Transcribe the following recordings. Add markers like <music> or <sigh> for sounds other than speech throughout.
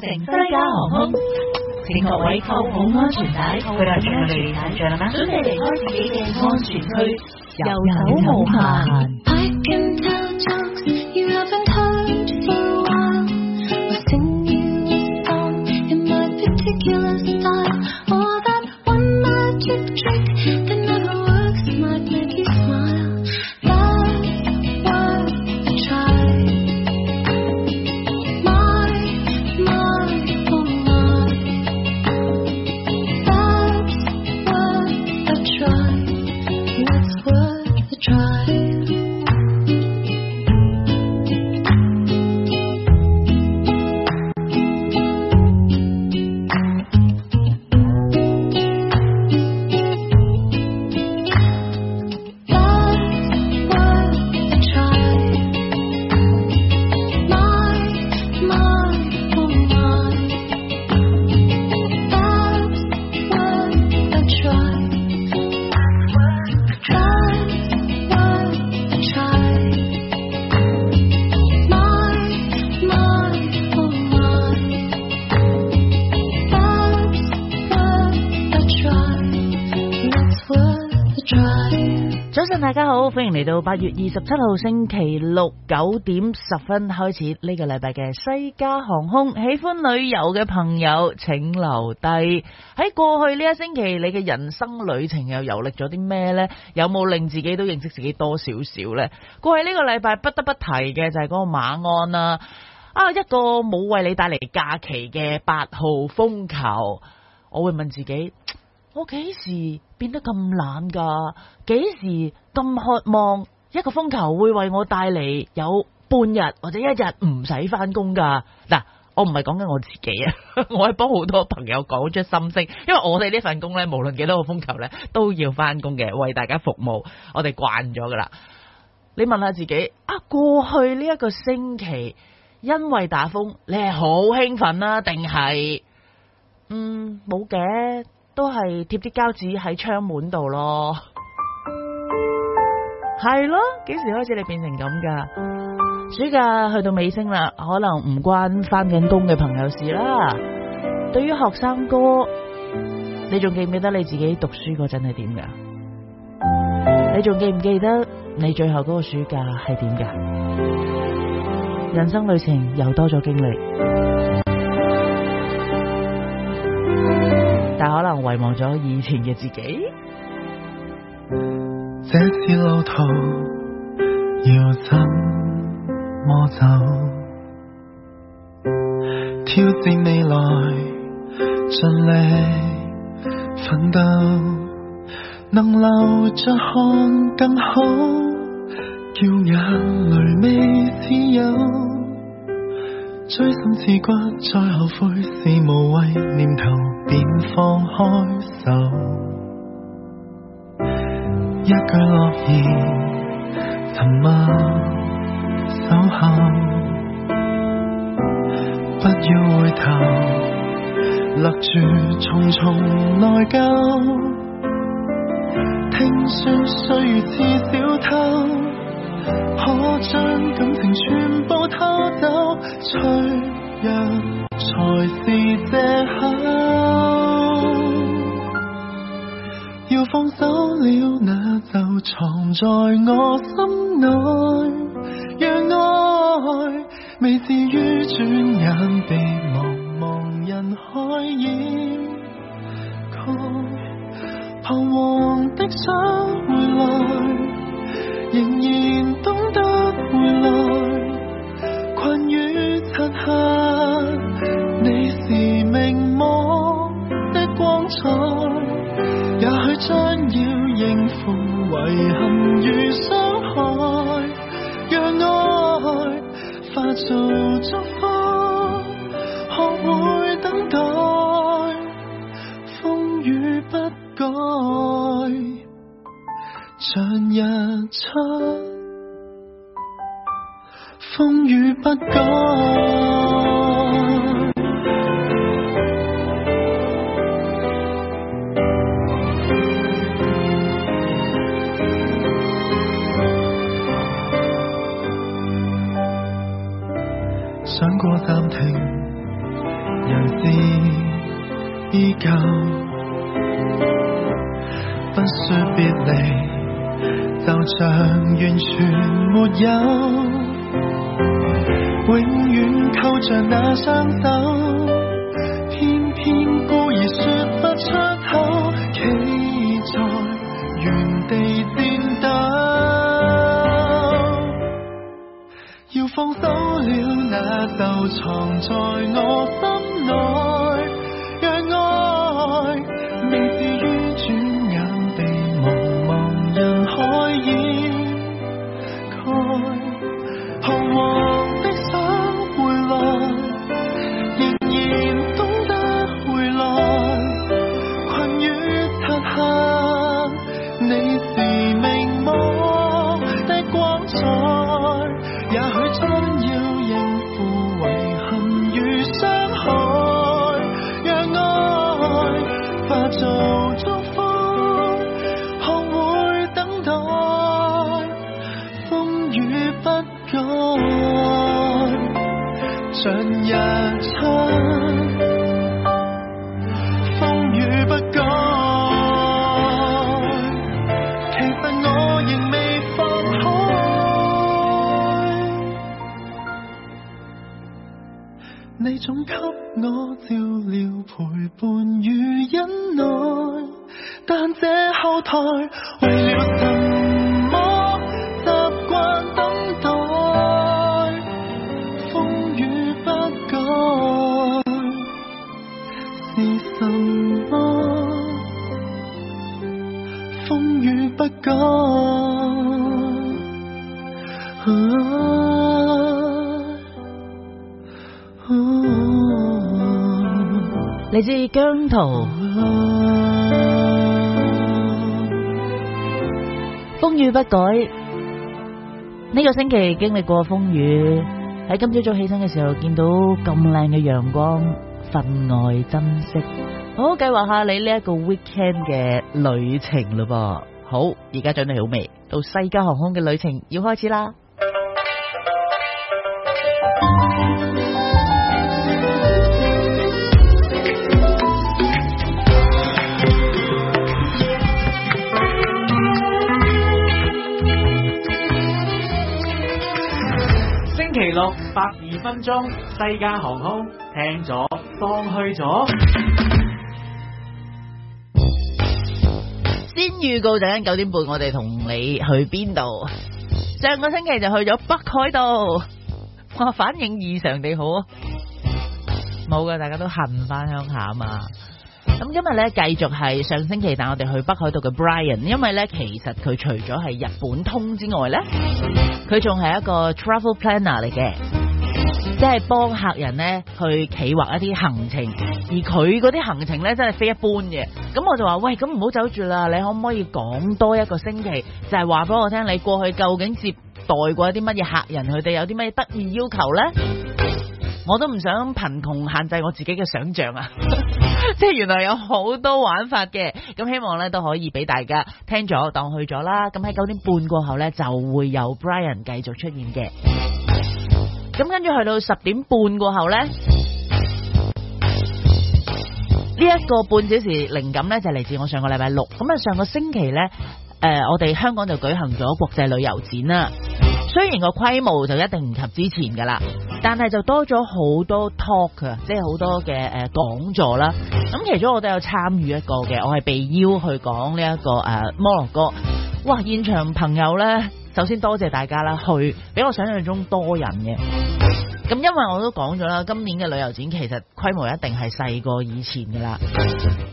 城西加航空，請各位扣好安全帶，配合住我哋嘅影像啦，準備離開自己嘅安全區，有手無閒。嚟到八月二十七號星期六九點十分開始呢個禮拜嘅西加航空。喜歡旅遊嘅朋友，請留低。喺過去呢一星期，你嘅人生旅程又遊歷咗啲咩呢？有冇令自己都認識自己多少少呢？過去呢個禮拜不得不提嘅就係嗰個馬鞍啦啊，啊，一個冇為你帶嚟假期嘅八號風球。我會問自己，我幾時變得咁懶噶？幾時？咁渴望一個風球會為我帶嚟有半日或者一日唔使翻工噶嗱，我唔係講緊我自己啊，我係幫好多朋友講出心聲，因為我哋呢份工呢，無論幾多個風球呢，都要翻工嘅，為大家服務，我哋慣咗噶啦。你問下自己啊，過去呢一個星期，因為打風，你係好興奮啦，定係嗯冇嘅，都係貼啲膠紙喺窗門度咯。係咯，幾時開始你變成咁噶？暑假去到尾聲啦，可能唔關翻緊工嘅朋友事啦。對於學生哥，你仲記唔記得你自己讀書嗰陣係點噶？你仲記唔記得你最後嗰個暑假係點噶？人生旅程又多咗經歷，但可能遺忘咗以前嘅自己。這次路途要怎麼走？挑戰未來，盡力奮鬥，能留着汗更好，叫眼淚未止有。錐心刺骨，再後悔是無謂念頭，便放開手。一句諾言，沉默守候，不要回頭，勒住重重內疚。聽說歲月似小偷，可將感情全部偷走，脆弱才是借口。要放手了，那就藏在我心內。讓愛未至於轉眼被茫茫人海掩蓋。彷徨的想回來，仍然懂得回來。遺憾與傷害，讓愛化做祝福，學會等待，風雨不改，像日出，風雨不改。想過暫停，仍依舊不說別離，就像完全沒有，永遠扣着那雙手。就藏在我心內。總給我照。風雨不改。呢個星期經歷過風雨，喺今朝早起身嘅時候見到咁靚嘅陽光，分外珍惜。好，計劃下你呢一個 weekend 嘅旅程嘞噃。好，而家準備好未？到西加航空嘅旅程要開始啦。百二分鐘，西加航空聽咗當去咗。先預告陣間九點半，我哋同你去邊度？上個星期就去咗北海道，哇反應異常地好啊！冇噶，大家都恨翻鄉下嘛。咁今日咧，繼續係上星期帶我哋去北海道嘅 Brian，因為咧，其實佢除咗係日本通之外咧，佢仲係一個 travel planner 嚟嘅，即係幫客人咧去企劃一啲行程，而佢嗰啲行程咧真係非一般嘅。咁我就話喂，咁唔好走住啦，你可唔可以講多一個星期，就係話俾我聽你過去究竟接待過一啲乜嘢客人，佢哋有啲咩得意要求咧？我都唔想貧窮限制我自己嘅想象啊！即係原來有好多玩法嘅，咁希望咧都可以俾大家聽咗當去咗啦。咁喺九點半過後咧，就會有 Brian 繼續出現嘅。咁跟住去到十點半過後咧，呢、這、一個半小時靈感咧就嚟自我上個禮拜六。咁啊，上個星期咧，誒、呃，我哋香港就舉行咗國際旅遊展啦。雖然個規模就一定唔及之前噶啦。但係就多咗好多 talk 啊，即係好多嘅誒講座啦。咁其中我都有參與一個嘅，我係被邀去講呢一個誒、啊、摩洛哥。哇，現場朋友呢，首先多謝大家啦，去比我想象中多人嘅。咁因為我都講咗啦，今年嘅旅遊展其實規模一定係細過以前噶啦，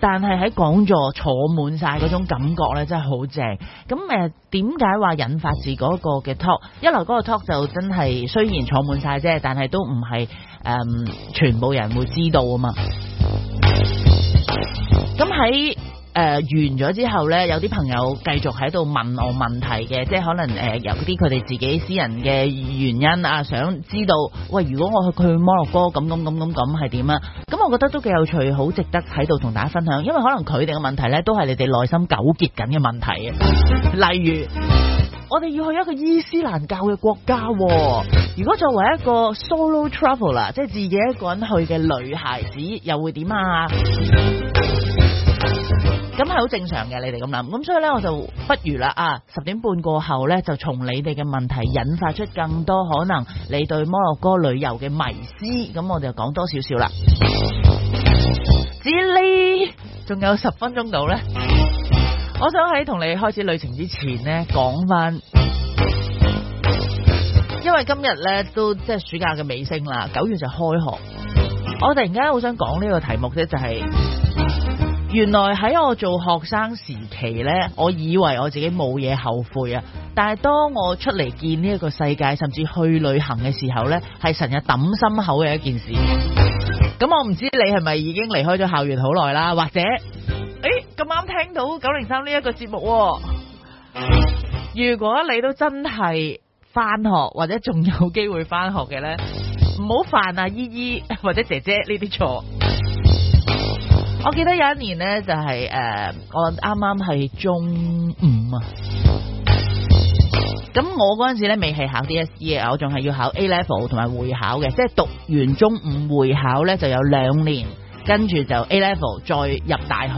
但係喺講座坐滿晒嗰種感覺咧，真係好正。咁呃、點解話引發自嗰個嘅 talk？一來嗰個 talk 就真係雖然坐滿晒啫，但係都唔係、呃、全部人會知道啊嘛。咁喺誒、呃，完咗之後呢，有啲朋友繼續喺度問我問題嘅，即係可能誒、呃，有啲佢哋自己私人嘅原因啊，想知道喂，如果我去去摩洛哥咁咁咁咁咁係點啊？咁我覺得都幾有趣，好值得喺度同大家分享，因為可能佢哋嘅問題呢，都係你哋內心糾結緊嘅問題啊。例如，我哋要去一個伊斯蘭教嘅國家、啊，如果作為一個 solo traveler，即係自己一個人去嘅女孩子，又會點啊？咁係好正常嘅，你哋咁諗，咁所以呢，我就不如啦啊！十點半過後呢，就從你哋嘅問題引發出更多可能，你對摩洛哥旅遊嘅迷思，咁我哋就講多少少啦。至於呢，仲 <music> 有十分鐘到呢， <music> 我想喺同你開始旅程之前呢，講翻，因為今日呢都即係暑假嘅尾聲啦，九月就開學，我突然間好想講呢個題目呢就係、是。原來喺我做學生時期呢，我以為我自己冇嘢，後悔啊！但係當我出嚟見呢一個世界，甚至去旅行嘅時候呢，係成日抌心口嘅一件事。咁我唔知你係咪已經離開咗校園好耐啦，或者誒，咁、欸、啱聽到九零三呢一個節目啊，如果你都真係翻學或者仲有機會翻學嘅呢，唔好犯啊姨姨或者姐姐呢啲錯。我記得有一年呢、就係，就係誒，我啱啱係中五啊，咁我嗰陣時咧未係考 DSE 啊，我仲係要考 A level 同埋會考嘅，即係讀完中五會考咧就有兩年，跟住就 A level 再入大學。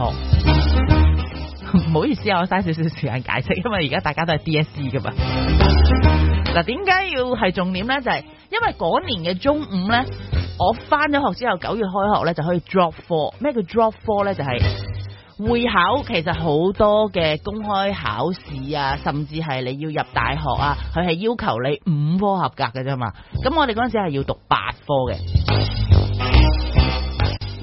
唔 <laughs> 好意思啊，我嘥少少時間解釋，因為而家大家都係 DSE 噶嘛。嗱，點解要係重點咧？就係、係。因為嗰年嘅中五呢，我返咗學之後，九月開學呢就可以 drop 科。咩叫 drop 科呢就係、是、會考，其實好多嘅公開考試啊，甚至係你要入大學啊，佢係要求你五科合格嘅啫嘛。咁我哋嗰陣時係要讀八科嘅，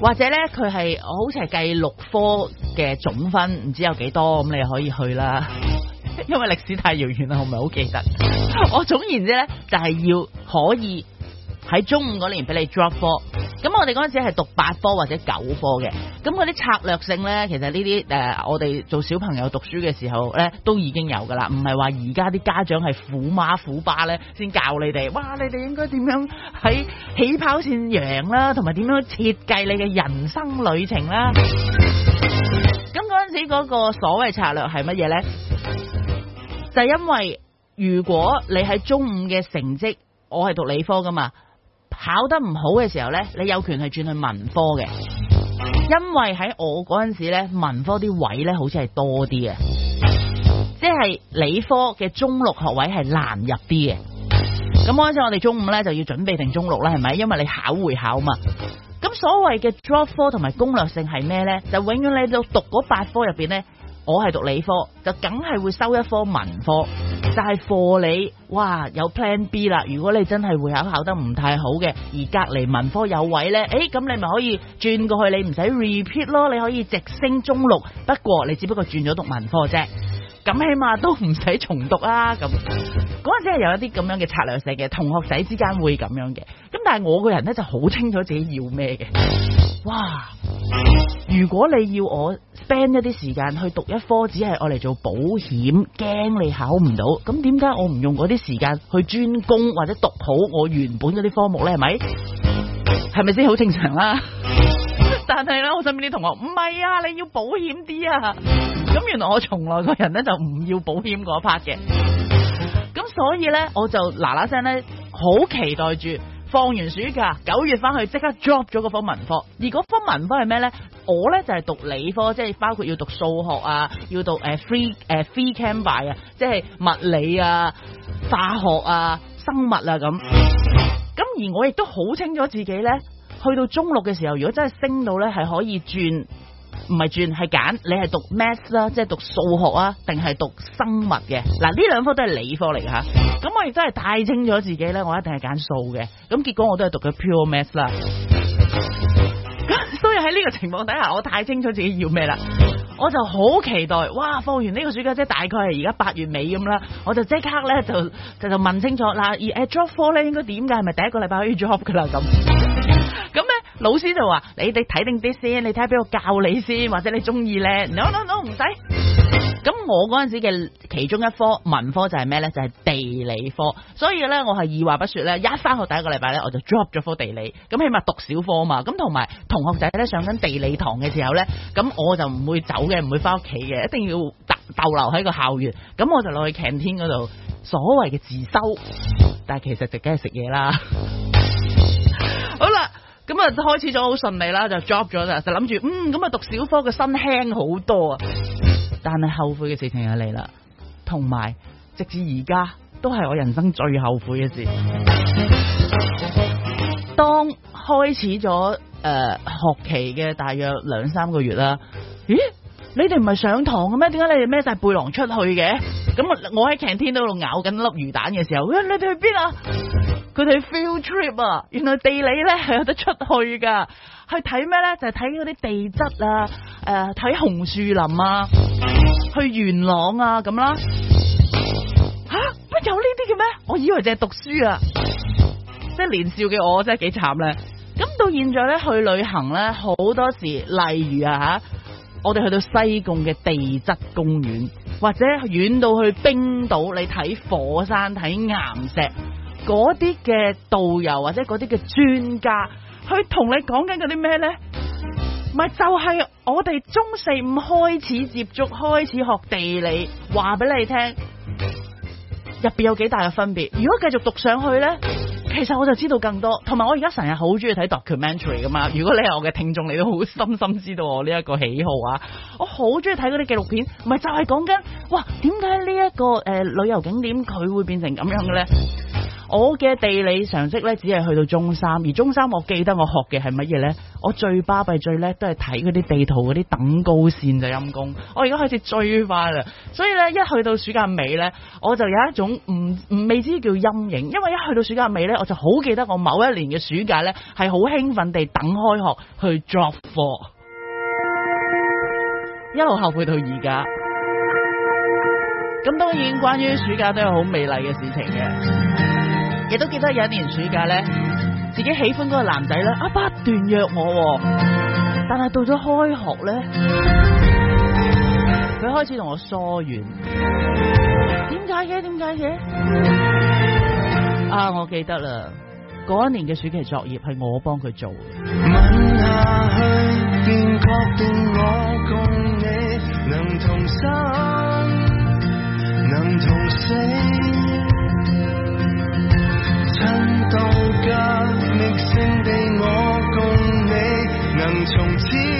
或者呢，佢係好似係計六科嘅總分，唔知有幾多咁，你可以去啦。因為歷史太遙遠啦，我唔係好記得。 <laughs> 我總言之咧，就係、是、要可以喺中五嗰年俾你 drop 科。咁我哋嗰陣時係讀八科或者九科嘅。咁嗰啲策略性咧，其實呢啲誒，我哋做小朋友讀書嘅時候咧，都已經有噶啦。唔係話而家啲家長係虎媽虎爸咧，先教你哋。哇，你哋應該點樣喺起跑線贏啦，同埋點樣設計你嘅人生旅程啦？咁嗰陣時嗰個所謂策略係乜嘢咧？就是，因為如果你喺中五嘅成績，我係讀理科噶嘛，考得唔好嘅時候呢，你有權係轉去文科嘅，因為喺我嗰陣時呢，文科啲位呢好似係多啲嘅，即係理科嘅中六學位係難入啲嘅。咁嗰陣時我哋中五呢就要準備定中六啦，係咪？因為你考會考嘛。咁所謂嘅 drop 科同埋攻略性係咩呢？就永遠你喺讀嗰八科入邊呢。我係讀理科，就梗係會收一科文科。但係課你，哇有 plan B 啦。如果你真係會考考得唔太好嘅，而隔離文科有位呢，誒、欸、咁你咪可以轉過去，你唔使 repeat 咯，你可以直升中六。不過你只不過轉咗讀文科啫，咁起碼都唔使重讀啦。咁嗰陣時係有一啲咁樣嘅策略性嘅同學仔之間會咁樣嘅。咁但係我個人呢，就好清楚自己要咩嘅。哇，如果你要我。ban 一啲時間去讀一科，只係我嚟做保險，驚你考唔到，咁點解我唔用嗰啲時間去專攻或者讀好我原本嗰啲科目呢？係咪？係咪先好正常啦？但係呢，我身邊啲同學唔係啊，你要保險啲啊！咁原來我從來個人呢，就唔要保險嗰一 part 嘅，咁所以呢，我就嗱嗱聲呢，好期待住放完暑假九月翻去即刻 drop 咗嗰科文科，而嗰科文科係咩呢？我咧就係、是、讀理科，即係包括要讀數學啊，要讀誒、uh, free 誒、uh, free camby 啊，即係物理啊、化學啊、生物啊咁。咁而我亦都好清楚自己咧，去到中六嘅時候，如果真係升到咧，係可以轉，唔係轉係揀，你係讀 math 啦，即係讀數學啊，定係讀生物嘅。嗱，呢兩科都係理科嚟嘅吓。咁我亦都係太清楚自己咧，我一定係揀數嘅。咁結果我都係讀嘅 pure math 啦。 <laughs> 所以喺呢個情況底下，我太清楚自己要咩啦，我就好期待，哇！放完呢個暑假啫，即大概係而家八月尾咁啦，我就即刻咧就就就問清楚啦，而誒 drop 科咧應該點解？係咪第一個禮拜可以 drop 噶啦咁？咁咧 <laughs> 老師就話：你哋睇定啲先，你睇下邊我教你先，或者你中意咧？no no no 唔使。咁我嗰陣時嘅其中一科文科就係咩呢？就係地理科，所以呢，我係二話不說呢一返學第一個禮拜呢，我就 drop 咗科地理。咁起碼讀少科嘛，咁同埋同學仔呢，上緊地理堂嘅時候呢，咁我就唔會走嘅，唔會翻屋企嘅，一定要逗留喺個校園。咁我就落去 canteen 嗰度，所謂嘅自修，但係其實就梗係食嘢啦。好啦，咁啊開始咗好順利啦，就 drop 咗就就諗住，嗯，咁啊讀少科嘅身輕好多啊。但係後悔嘅事情又嚟啦，同埋直至而家都係我人生最後悔嘅事。 <music> 當開始咗誒、呃、學期嘅大約兩三個月啦，咦？你哋唔係上堂嘅咩？點解你哋孭晒背囊出去嘅？咁我喺擎天嗰度咬緊粒魚蛋嘅時候，喂、哎，你哋去邊啊？佢哋 field trip 啊？原來地理咧係有得出去噶。去睇咩咧？就係睇嗰啲地質啊，誒、啊，睇紅樹林啊，去元朗啊咁啦。吓、啊，乜、啊、有呢啲嘅咩？我以為淨係讀書啊，即係年少嘅我真係幾慘咧。咁到現在咧，去旅行咧，好多時，例如啊吓，我哋去到西貢嘅地質公園，或者遠到去冰島，你睇火山睇岩石，嗰啲嘅導遊或者嗰啲嘅專家。佢同你講緊嗰啲咩呢？唔係就係我哋中四五開始接觸，開始學地理，話俾你聽，入邊有幾大嘅分別。如果繼續讀上去呢，其實我就知道更多。同埋我而家成日好中意睇 documentary 噶嘛。如果你係我嘅聽眾，你都好深深知道我呢一個喜好啊！我好中意睇嗰啲紀錄片，唔係就係講緊，「哇，點解呢一個誒旅遊景點佢會變成咁樣嘅呢？」我嘅地理常識呢只係去到中三，而中三我記得我學嘅係乜嘢呢？我最巴閉最叻都係睇嗰啲地圖嗰啲等高線就陰功。我而家開始追翻啦，所以呢，一去到暑假尾呢，我就有一種唔唔未知叫陰影，因為一去到暑假尾呢，我就好記得我某一年嘅暑假呢係好興奮地等開學去作課，一路後悔到而家。咁當然，關於暑假都有好美麗嘅事情嘅。亦都記得有一年暑假咧，自己喜歡嗰個男仔咧，啊不斷約我，但係到咗開學咧，佢開始同我疏遠。點解嘅？點解嘅？啊我記得啦，嗰一年嘅暑期作業係我幫佢做。問下去，便確定我共你，能同生，能同死趁度假覓勝地，我共你能從此。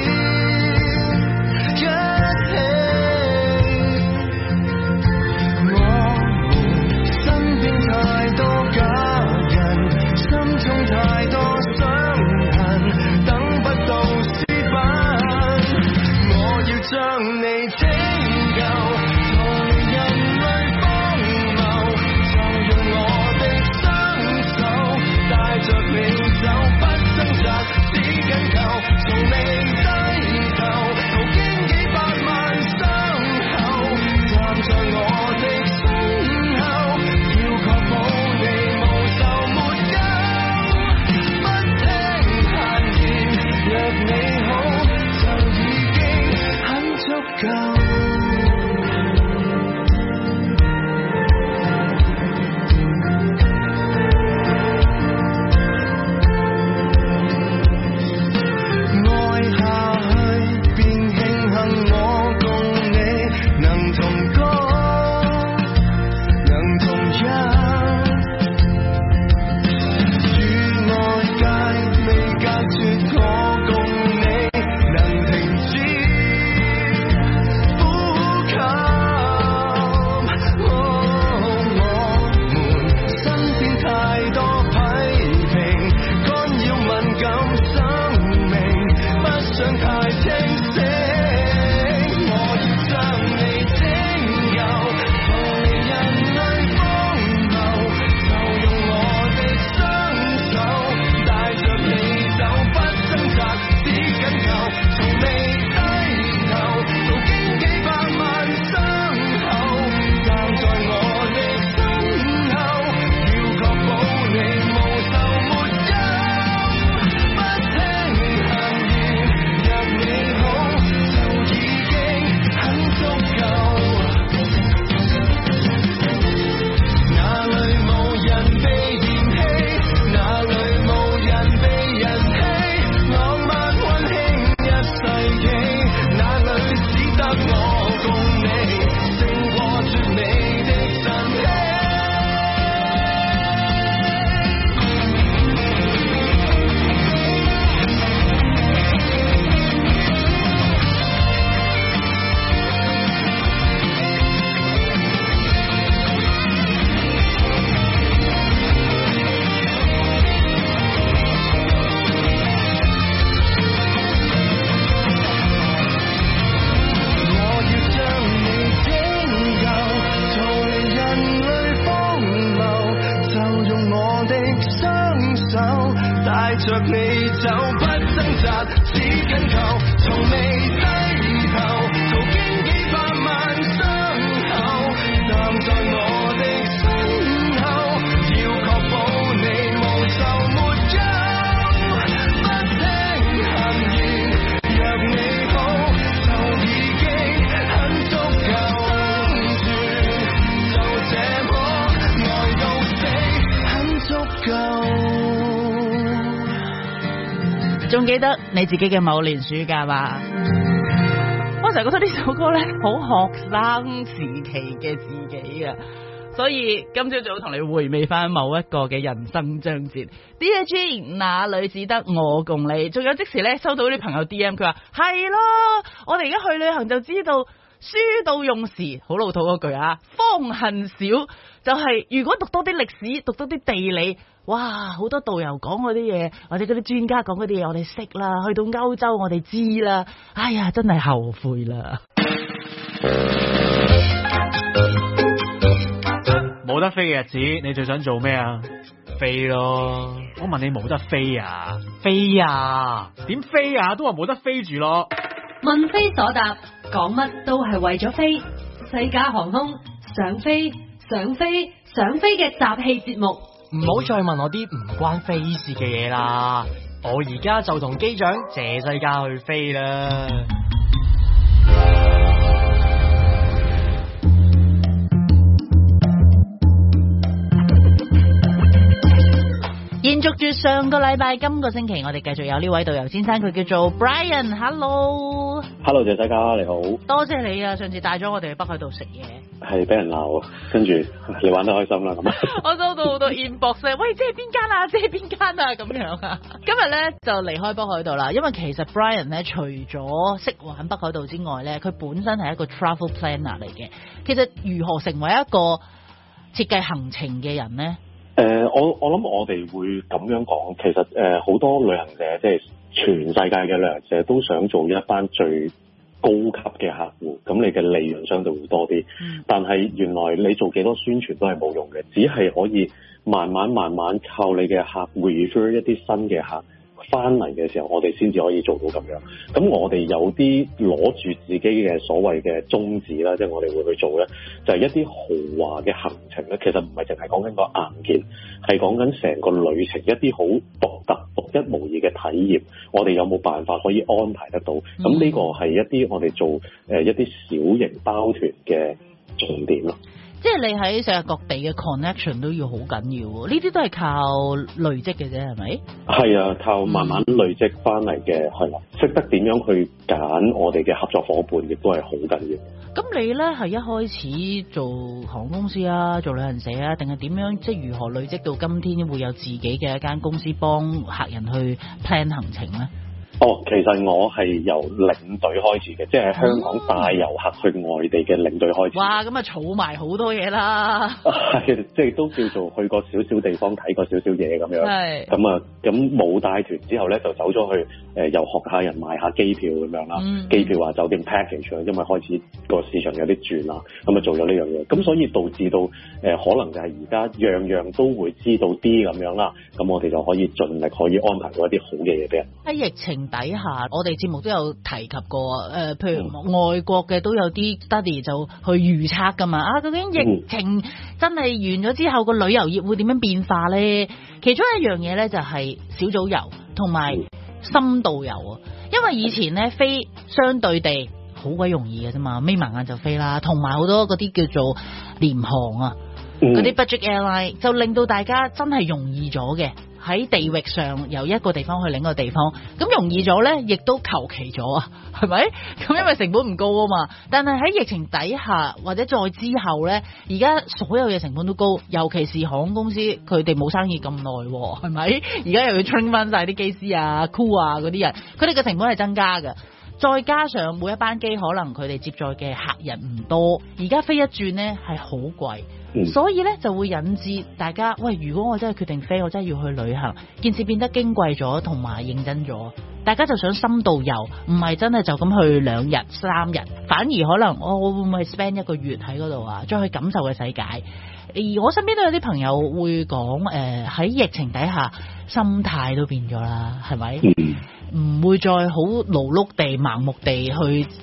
着你走，不掙扎，只緊求從未分。仲記得你自己嘅某年暑假嘛？我成日覺得呢首歌呢，好學生時期嘅自己啊！所以今朝早同你回味返某一個嘅人生章節。D g 哪裏只得我共你？仲有即時呢，收到啲朋友 D M，佢話係咯，我哋而家去旅行就知道書到用時好老土嗰句啊，方恨少就係、是，如果讀多啲歷史，讀多啲地理。哇！好多導遊講嗰啲嘢，或者嗰啲專家講嗰啲嘢，我哋識啦。去到歐洲，我哋知啦。哎呀，真係後悔啦！冇得飛嘅、啊、日子，你最想做咩啊？飛咯！我問你冇得飛啊？飛啊？點飛啊？都話冇得飛住咯。問飛所答，講乜都係為咗飛。西加航空，想飛想飛想飛嘅集氣節目。唔、嗯、好再問我啲唔關飛事嘅嘢啦，我而家就同機長借西加去飛啦。延續住上個禮拜，今個星期我哋繼續有呢位導遊先生，佢叫做 Brian Hello。Hello，Hello，謝大家，你好。多謝你啊！上次帶咗我哋去北海道食嘢，係俾人鬧，跟住你玩得開心啦，咁我收到好多 inbox，喂，即係邊間啊？即係邊間啊？咁樣啊？ <laughs> 今日咧就離開北海道啦，因為其實 Brian 咧除咗識玩北海道之外咧，佢本身係一個 travel planner 嚟嘅。其實如何成為一個設計行程嘅人咧？呃、我我諗我哋會咁樣講，其實呃、好多旅行社，即係全世界嘅旅行社，都想做一班最高級嘅客戶，咁你嘅利潤相對會多啲，嗯。但係原來你做幾多宣傳都係冇用嘅，只係可以慢慢慢慢靠你嘅客戶 refer 一啲新嘅客戶。翻嚟嘅時候，我哋先至可以做到咁樣。咁我哋有啲攞住自己嘅所謂嘅宗旨啦，即係我哋會去做咧，就係一啲豪華嘅行程咧。其實唔係淨係講緊個硬件，係講緊成個旅程一啲好獨特、獨一無二嘅體驗。我哋有冇辦法可以安排得到？咁，嗯，呢個係一啲我哋做誒一啲小型包團嘅重點咯。即係你喺世界各地嘅 connection 都要好緊要，呢啲都係靠累積嘅啫，係咪？係啊，靠慢慢累積翻嚟嘅，係啦、啊。識得點樣去揀我哋嘅合作伙伴，亦都係好緊要。咁你咧係一開始做航空公司啊，做旅行社啊，定係點樣？即係如何累積到今天會有自己嘅一間公司幫客人去 plan 行程咧、啊？哦，其實我係由領隊開始嘅，即係香港帶遊客去外地嘅領隊開始。哇，咁啊儲埋好多嘢啦！係，即係都叫做去個少少地方睇個少少嘢咁樣。係。咁啊，咁冇帶團之後咧，就走咗去遊、呃、又學下人買下機票咁樣啦、嗯。機票啊，酒店 package 啊，因為開始個市場有啲轉啦，咁啊做咗呢樣嘢，咁所以導致到、呃、可能就係而家樣樣都會知道啲咁樣啦。咁我哋就可以盡力可以安排到一啲好嘅嘢俾人。喺疫情底下我哋節目都有提及過，誒、呃，譬如外國嘅都有啲 study 就去預測㗎嘛，啊，究竟疫情真係完咗之後個旅遊業會點樣變化呢？其中一樣嘢呢就係小組遊同埋深度遊，因為以前呢，飛相對地好鬼容易嘅啫嘛，眯埋眼就飛啦，同埋好多嗰啲叫做廉航啊，嗰、嗯、啲 budget airline 就令到大家真係容易咗嘅。喺地域上由一個地方去另一個地方，咁容易咗呢，亦都求其咗啊，係咪？咁因為成本唔高啊嘛。但係喺疫情底下或者再之後呢，而家所有嘢成本都高，尤其是航空公司佢哋冇生意咁耐，係咪？而家又要 train 翻曬啲機師啊、crew 啊嗰啲人，佢哋嘅成本係增加嘅。再加上每一班機可能佢哋接載嘅客人唔多，而家飛一轉呢係好貴，所以呢就會引致大家，喂，如果我真係決定飛，我真係要去旅行，件事變得矜貴咗，同埋認真咗，大家就想深度遊，唔係真係就咁去兩日三日，反而可能我會唔會去 spend 一個月喺嗰度啊，再去感受嘅世界。而我身邊都有啲朋友會講，呃、喺疫情底下，心態都變咗啦，係咪？嗯唔會再好勞碌地、盲目地去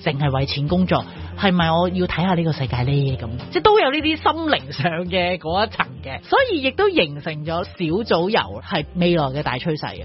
淨係為錢工作，係咪我要睇下呢個世界咧？咁即係都有呢啲心靈上嘅嗰一層嘅，所以亦都形成咗小組遊係未來嘅大趨勢嘅。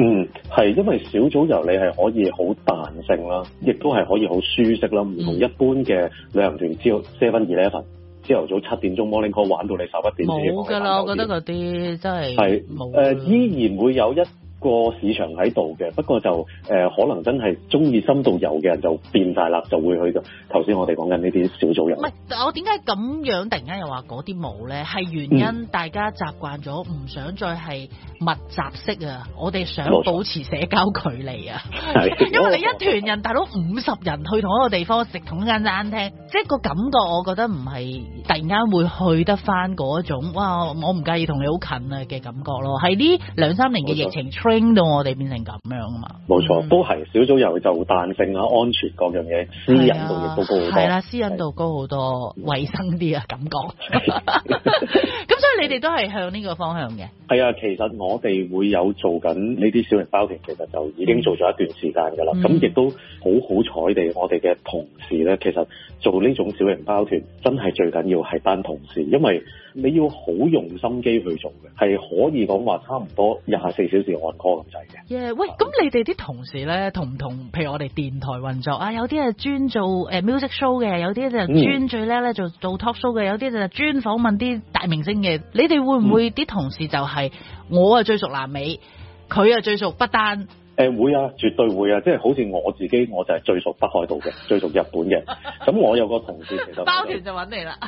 嗯，係因為小組遊你係可以好彈性啦，亦都係可以好舒適啦，唔同一般嘅旅行團后 seven eleven 朝頭早七點鐘 morning call 玩到你十一點冇噶啦，我覺得嗰啲真係係誒依然會有一。個市場喺度嘅，不過就誒、呃、可能真係中意深度遊嘅人就變大啦，就會去到頭先我哋講緊呢啲小組人，唔係我點解咁樣突然間又話嗰啲冇咧？係原因大家習慣咗唔、嗯、想再係密集式啊！我哋想保持社交距離啊， <laughs> 是 <laughs> <laughs> 因為你一團人大到五十人去同一個地方食同一間餐廳，即、就、係、是、個感覺，我覺得唔係突然間會去得翻嗰種哇！我唔介意同你好近啊嘅感覺咯，係呢兩三年嘅疫情。到我哋變成咁樣啊嘛，冇錯，都係小組遊就彈性啊，安全各樣嘢、嗯，私隱度亦都高好多，係啦、啊，私隱度高好多，衞生啲啊感覺。咁 <laughs> <laughs> 所以你哋都係向呢個方向嘅。係啊，其實我哋會有做緊呢啲小型包團，其實就已經做咗一段時間噶啦。咁、嗯、亦都好好彩地，我哋嘅同事咧，其實做呢種小型包團真係最緊要係班同事，因為，你要好用心機去做嘅，係可以講話差唔多廿四小時按 call 咁滯嘅。耶、yeah！喂，咁你哋啲同事呢？同唔同譬如我哋電台運作啊？有啲係專做誒 music show 嘅，有啲就專最叻咧做做 talk show 嘅，有啲就專訪問啲大明星嘅。你哋會唔會啲、mm. 同事就係我啊最熟南美，佢啊最熟不丹？誒會啊，絕對會啊！即係好似我自己，我就係最熟北海道嘅， <laughs> 最熟日本嘅。咁我有個同事其實包團就搵你啦。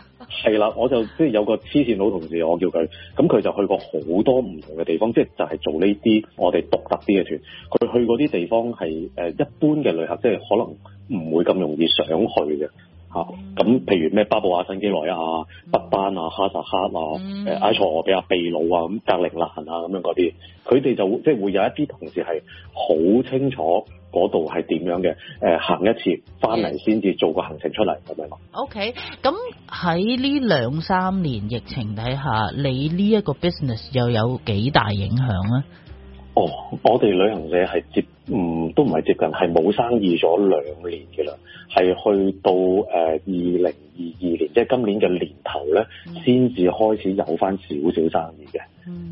係啦，我就即係有個黐線佬同事，我叫佢，咁佢就去過好多唔同嘅地方，即係就係做呢啲我哋獨特啲嘅團。佢去嗰啲地方係誒一般嘅旅客，即係可能唔會咁容易想去嘅。吓、啊、咁，譬如咩巴布亞新幾內亞、不丹啊、哈薩克啊、誒、嗯啊、埃塞俄比亞、秘魯啊、咁格陵蘭啊咁樣嗰啲，佢哋就、即係、會即有一啲同事係好清楚嗰度係點樣嘅、呃，行一次翻嚟先至做個行程出嚟，咁樣明 OK，咁喺呢兩三年疫情底下，你呢一個 business 又有幾大影響咧？哦，我哋旅行社係接。嗯，都唔係接近，係冇生意咗兩年嘅啦，係去到誒二零二二年，即係今年嘅年頭咧，先至開始有翻少少生意嘅。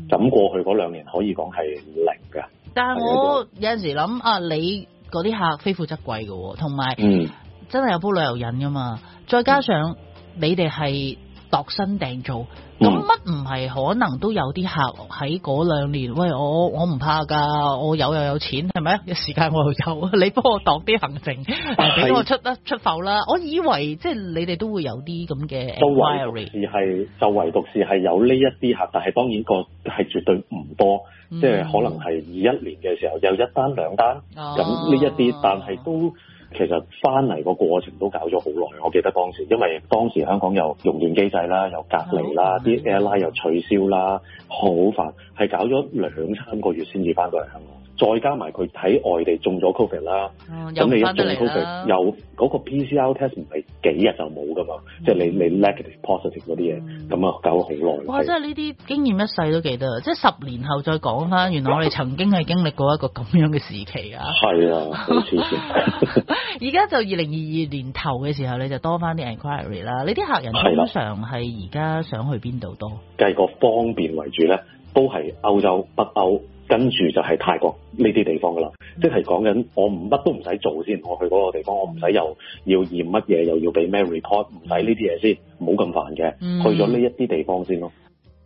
咁、嗯、過去嗰兩年可以講係零嘅。但係我有陣時諗、嗯、啊，你嗰啲客非富則貴嘅喎，同埋、嗯、真係有鋪旅遊癮噶嘛，再加上、嗯、你哋係。度身訂造，咁乜唔係可能都有啲客喺嗰兩年？喂，我我唔怕噶，我有又有錢，係咪啊？有時間我又有，你幫我度啲行程俾我出啦出埠啦。我以為即係你哋都會有啲咁嘅，都唯獨是係就唯獨是係有呢一啲客，但係當然個係絕對唔多，即係可能係二一年嘅時候有一單兩單，咁呢一啲但係都。其實翻嚟個過程都搞咗好耐，我記得當時，因為當時香港有熔斷機制啦，又隔離啦，啲、嗯、Airline 又取消啦，好煩，係搞咗兩三個月先至翻過嚟香港。再加埋佢喺外地中咗 Covid 啦、嗯，咁你一中 Covid 又嗰、那個 PCR test 唔係幾日就冇噶嘛？即、嗯、係、就是、你你 negative positive 嗰啲嘢，咁、嗯、啊搞好耐。哇！真係呢啲經驗一世都記得，即、就、係、是、十年後再講翻，原來我哋曾經係經歷過一個咁樣嘅時期㗎。係啊，好刺激！而家就二零二二年頭嘅時候，你就多翻啲 inquiry 啦。呢啲客人通常係而家想去邊度多？計、啊、個方便為主咧，都係歐洲北歐。跟住就係泰國呢啲地方㗎喇，即係講緊我唔乜都唔使做先，我去嗰個地方，我唔使又要驗乜嘢，又要俾咩 report，唔使呢啲嘢先，冇咁煩嘅。去咗呢一啲地方先咯。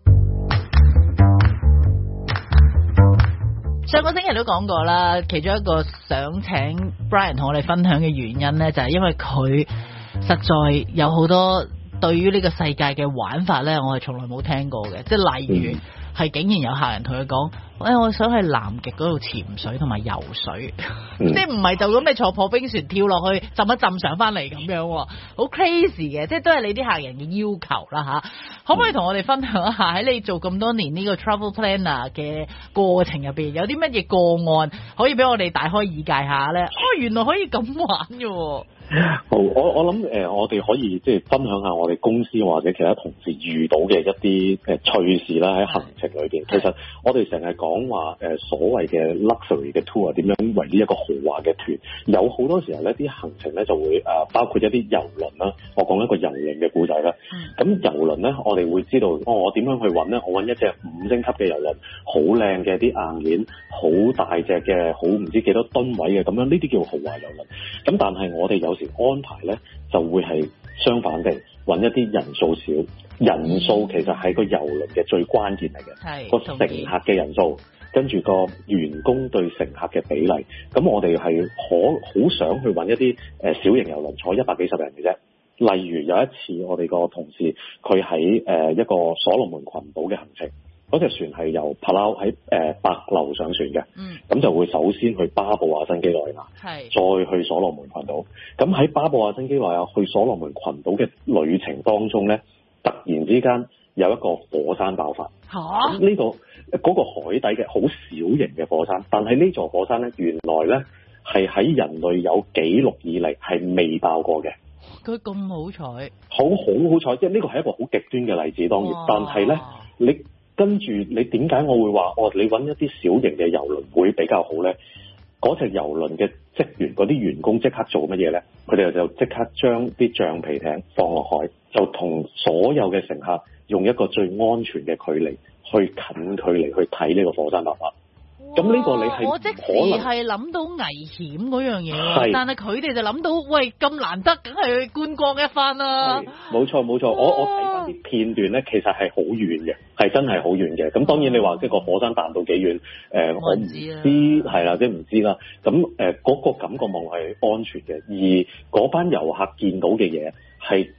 嗯。上個星期都講過啦，其中一個想請 Brian 同我哋分享嘅原因呢，就係因為佢實在有好多對於呢個世界嘅玩法呢，我係從來冇聽過嘅，即係例如。嗯係竟然有客人同佢講，誒、哎，我想去南極嗰度潛水同埋游水、嗯，即係唔係就咁你坐破冰船跳落去浸一浸上翻嚟咁樣，好 crazy 嘅，即係都係你啲客人嘅要求啦吓。可唔可以同我哋分享一下喺你做咁多年呢個 travel planner 嘅過程入邊，有啲乜嘢個案可以俾我哋大開眼界一下呢？哦，原來可以咁玩嘅。好，我我諗，誒，我哋，呃，可以即係分享下我哋公司或者其他同事遇到嘅一啲誒，呃，趣事啦。喺行程裏邊，其實我哋成日講話誒，呃，所謂嘅 luxury 嘅 tour 點樣為呢一個豪華嘅團，有好多時候咧，啲行程咧就會誒，呃，包括一啲遊輪啦。我講一個，嗯、遊輪嘅故仔啦。咁遊輪咧，我哋會知道，哦，我點樣去揾咧？我揾一隻五星級嘅遊輪，好靚嘅啲硬件，好大隻嘅，好唔知幾多噸位嘅，咁樣呢啲叫豪華遊輪。咁但係我哋有。安排呢就會係相反地揾一啲人數少，人數其實係個遊輪嘅最關鍵嚟嘅，個、嗯、乘客嘅人數跟住個員工對乘客嘅比例，咁我哋係可好想去揾一啲、呃、小型遊輪坐一百幾十人嘅啫。例如有一次我哋個同事佢喺、呃、一個所羅門群島嘅行程。嗰隻船係由帕拉喺誒、呃、白樓上船嘅，咁、嗯、就會首先去巴布亞新幾內亞，再去所羅門群島。咁喺巴布亞新幾內亞去所羅門群島嘅旅程當中咧，突然之間有一個火山爆發。嚇、啊！呢、這個嗰、那個海底嘅好小型嘅火山，但係呢座火山咧，原來咧係喺人類有記錄以嚟係未爆過嘅。佢咁好彩，好好好彩，即係呢個係一個好極端嘅例子。當然，但係咧你。跟住你點解我會話哦？你揾一啲小型嘅遊輪會比較好呢？嗰隻遊輪嘅職員嗰啲員工即刻做乜嘢呢？佢哋就即刻將啲橡皮艇放落海，就同所有嘅乘客用一個最安全嘅距離去近距離去睇呢個火山爆發。咁呢個你係、哦、我即時諗到危險嗰樣嘢，但係佢哋就諗到，喂咁難得，梗係去觀光一番啦、啊。冇錯冇錯，錯哦、我我睇翻啲片段咧，其實係好遠嘅，係真係好遠嘅。咁當然你話、哦、即個火山彈到幾遠？誒、呃，我唔知係啦，即唔知啦。咁嗰、呃嗰個感覺望係安全嘅，而嗰班遊客見到嘅嘢係，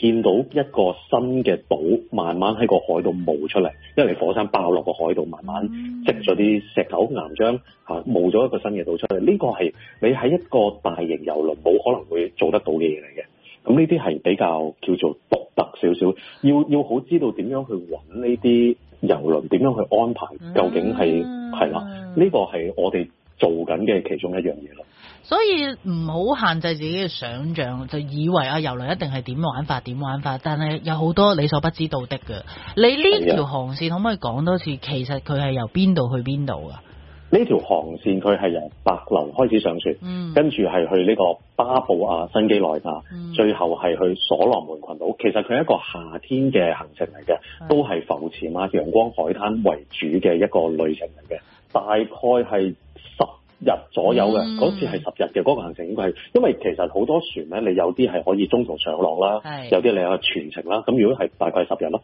見到一個新嘅島慢慢喺個海度冒出嚟，因為火山爆落個海度，慢慢積咗啲石頭岩漿，冒咗一個新嘅島出嚟。呢、呢個係你喺一個大型遊輪冇可能會做得到嘅嘢嚟嘅。咁呢啲係比較叫做獨特少少，要要好知道點樣去揾呢啲遊輪，點樣去安排，究竟係係啦。呢、嗯呢個係我哋做緊嘅其中一樣嘢咯。所以唔好限制自己嘅想像，就以為啊遊輪一定係點玩法點玩法，但係有好多你所不知道的嘅。你呢條航線可唔可以講多次？其實佢係由邊度去邊度噶？呢條航線佢係由白鱗開始上船，嗯、跟住係去呢個巴布亞新幾內亞，最後係去所羅門群島。其實佢係一個夏天嘅行程嚟嘅、嗯，都係浮潛啊、陽光海灘為主嘅一個旅程嚟嘅，大概係。日左右嘅，嗰、嗯、次係十日嘅，嗰、個行程應該係，因為其實好多船咧，你有啲係可以中途上落啦，有啲你有全程啦，咁如果係大概係十日咯。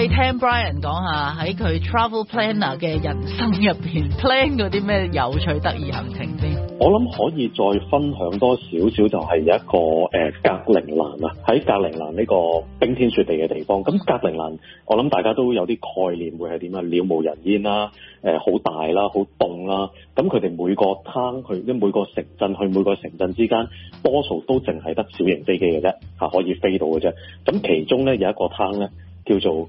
你聽 Brian 講下喺佢 Travel Planner 嘅人生入邊 plan 嗰啲咩有趣得意行程先。我諗可以再分享多少少，就係有一個誒、呃、格陵蘭啊，喺格陵蘭呢個冰天雪地嘅地方。咁格陵蘭我諗大家都有啲概念，會係點啊？渺無人煙啦、啊，誒、呃、好大啦、啊，好凍啦。咁佢哋每個灘，佢咧每個城鎮去每個城鎮之間，多數都淨係得小型飛機嘅啫，嚇、啊、可以飛到嘅啫。咁其中咧有一個灘咧叫做。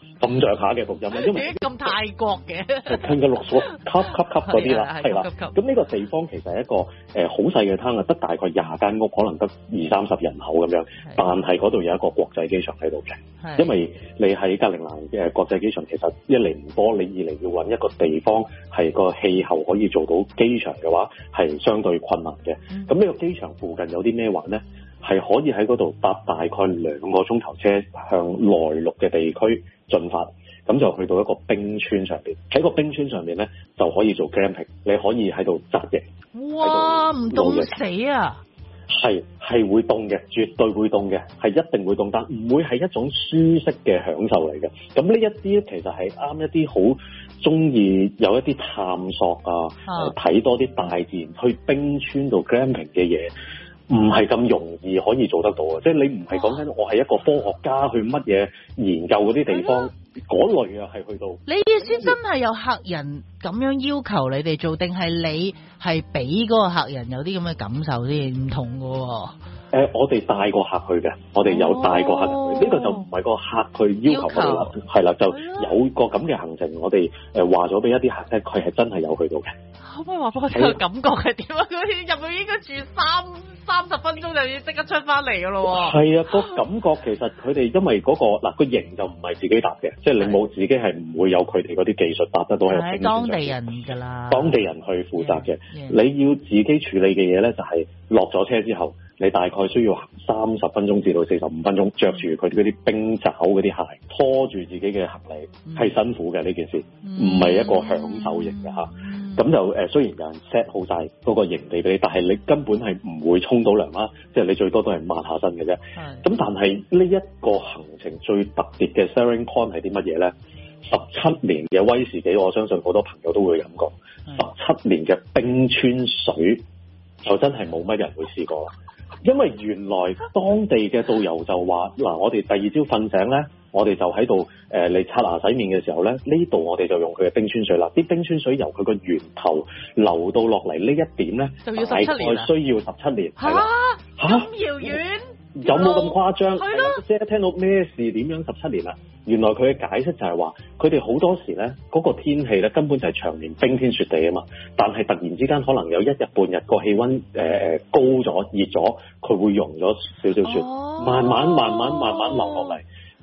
咁著下嘅錄音，因為咁 <laughs> 泰國嘅。就傾咗六個級級嗰啲啦，係啦。咁呢 <laughs> 個地方其實係一個好細嘅灘啊，得、呃、大概廿間屋，可能得二三十人口咁樣。但係嗰度有一個國際機場喺度嘅，因為你喺格陵蘭嘅國際機場，其實一嚟唔多，你二嚟要搵一個地方係個氣候可以做到機場嘅話，係相對困難嘅。咁、嗯、呢個機場附近有啲咩玩咧？係可以喺嗰度搭大概兩個鐘頭車向內陸嘅地區。進發，咁就去到一個冰川上邊。喺個冰川上面呢就可以做 glamping，你可以喺度紮營。哇！唔凍死啊！係係會凍嘅，絕對會凍嘅，係一定會凍，但唔會係一種舒適嘅享受嚟嘅。咁呢一啲其實係啱一啲好中意有一啲探索啊，睇、啊、多啲大自然，去冰川度 glamping 嘅嘢。唔係咁容易可以做得到啊！即係你唔係講緊我係一個科學家去乜嘢研究嗰啲地方嗰類啊，係去到你意思真係有客人咁樣要求你哋做，定係你係俾嗰個客人有啲咁嘅感受先唔同嘅？誒、呃，我哋帶過客去嘅，我哋有帶過客人去，哦，呢個就唔係個客去要求我哋啦，係啦，就有個咁嘅行程，我哋誒話咗俾一啲客聽，佢係真係有去到嘅。咁咪話嗰個感覺係點啊？入去應該住三三十分鐘就要即刻出翻嚟噶咯？係啊，個、啊、感覺其實佢哋因為嗰、嗰個嗱，嗰個型就唔係自己搭嘅，即係、啊就是、你冇自己係唔會有佢哋嗰啲技術搭得到喺係、啊、當地人噶啦，當地人去負責嘅、啊啊。你要自己處理嘅嘢咧，就係落咗車之後，你大概需要行三十分鐘至到四十五分鐘，着住佢哋嗰啲冰爪嗰啲鞋，拖住自己嘅行李，係、嗯、辛苦嘅呢件事，唔、嗯、係一個享受型嘅吓。咁就誒雖然有人 set 好曬嗰個營地俾你，但係你根本係唔會衝到涼啦，即係你最多都係抹下身嘅啫。咁但係呢一個行程最特別嘅 selling point 係啲乜嘢咧？十七年嘅威士忌，我相信好多朋友都會飲過。十七年嘅冰川水就真係冇乜人會試過啦，因為原來當地嘅導遊就話：嗱，我哋第二朝瞓醒咧。我哋就喺度誒，你刷牙洗面嘅時候咧，呢度我哋就用佢嘅冰川水啦。啲冰川水由佢個源頭流到落嚟呢一點咧，大概需要十七年。係啦，咁遙遠，有冇咁誇張？係咯，即係聽到咩事？點樣十七年啦？原來佢嘅解釋就係話，佢哋好多時咧嗰個天氣咧根本就係長年冰天雪地啊嘛，但係突然之間可能有一日半日個氣温誒、呃、高咗熱咗，佢會溶咗少少雪、啊，慢慢慢慢慢慢流落嚟。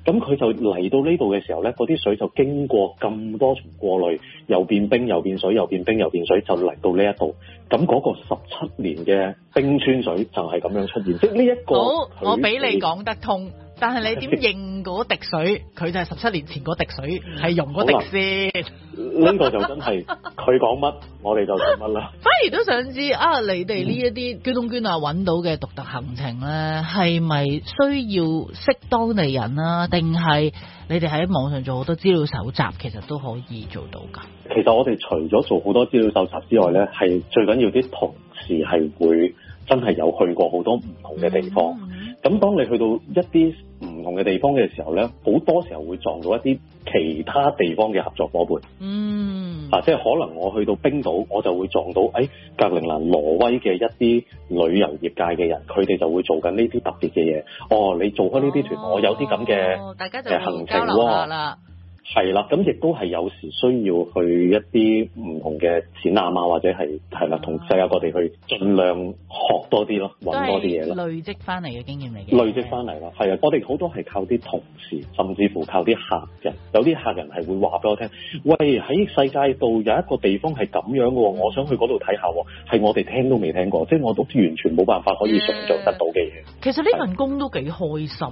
咁佢就嚟到呢度嘅時候咧，嗰啲水就經過咁多重過濾，又變冰又變水又變冰，又變，又，變冰又變水，就嚟到呢一度。咁嗰個十七年嘅冰川水就係咁樣出現，即係呢一個，好，我俾你講得通。但係你點認嗰滴水，佢就係十七年前嗰滴水係用嗰滴先。呢個就真係佢講乜，我哋就講乜啦。反而都想知啊，你哋呢一啲鑽東鑽揾到嘅獨特行程咧，係咪需要識當地人呀，定係你哋喺網上做好多資料搜集，其實都可以做到㗎？其實我哋除咗做好多資料搜集之外咧，係最緊要啲同事係會真係有去過好多唔同嘅地方。咁當你去到一啲～唔同嘅地方嘅時候呢，好多時候會撞到一啲其他地方嘅合作伙伴。嗯，啊，即係可能我去到冰島，我就會撞到誒、哎、格陵蘭、挪威嘅一啲旅遊業界嘅人，佢哋就會做緊呢啲特別嘅嘢。哦，你做開呢啲團，哦，我有啲咁嘅行程喎。係啦，咁亦都係有時需要去一啲唔同嘅展覽啊，或者係係啦，同世界各地去盡量學多啲咯，揾多啲嘢咯，累積翻嚟嘅經驗嚟嘅，累積翻嚟啦，係啊，我哋好多係靠啲同事，甚至乎靠啲客人，有啲客人係會話俾我聽，喂，喺世界度有一個地方係咁樣嘅喎，我想去嗰度睇下喎，係、嗯、我哋聽都未聽過，即、就、係、是、我都完全冇辦法可以想像得到嘅嘢、yeah。其實呢份工都幾開心，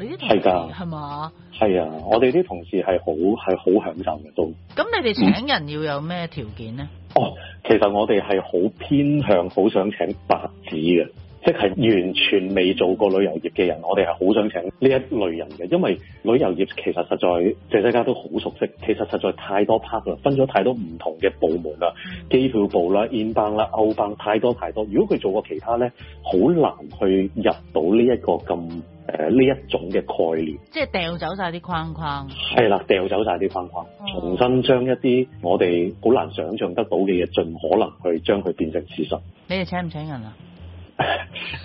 你啲同事係嘛？係啊，我哋啲同事係好係好享受嘅都。咁你哋請人要有咩條件咧、嗯？哦，其實我哋係好偏向好想請白紙嘅。即係完全未做過旅遊業嘅人，我哋係好想請呢一類人嘅，因為旅遊業其實實在全世界都好熟悉。其實實在太多 part、嗯嗯、啦，分咗太多唔同嘅部門啦，機票部啦、in 邦啦、out 邦，太多太多。如果佢做過其他呢，好難去入到呢、這、一個咁誒呢一種嘅概念。即係掉走晒啲框框。係啦，掉走晒啲框框、嗯，重新將一啲我哋好難想象得到嘅嘢，盡可能去將佢變成事實。你哋請唔請人啊？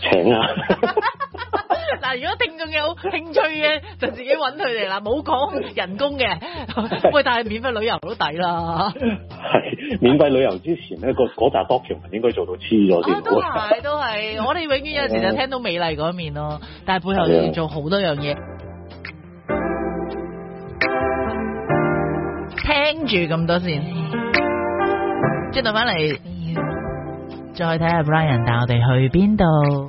請啊！嗱，如果聽眾有興趣嘅，就自己揾佢哋啦，冇講人工嘅， <laughs> 喂，但係免費旅遊都抵啦。係免費旅遊之前咧，個嗰扎 document 應該做到黐咗先。啊，都係都係， <laughs> 我哋永遠有陣時就聽到美麗嗰一面咯， <laughs> 但係背後要做好多樣嘢。聽住咁多先，轉頭翻嚟。再睇下 Brian，帶我哋去邊度？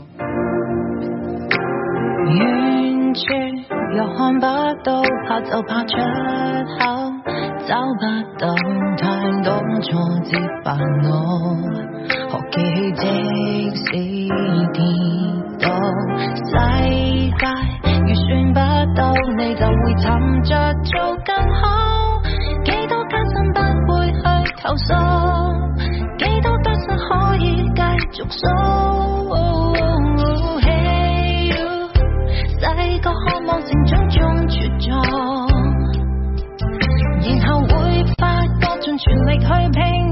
熟手，Hey you，細個渴望成長中茁壯，然後會發，加盡全力去拼。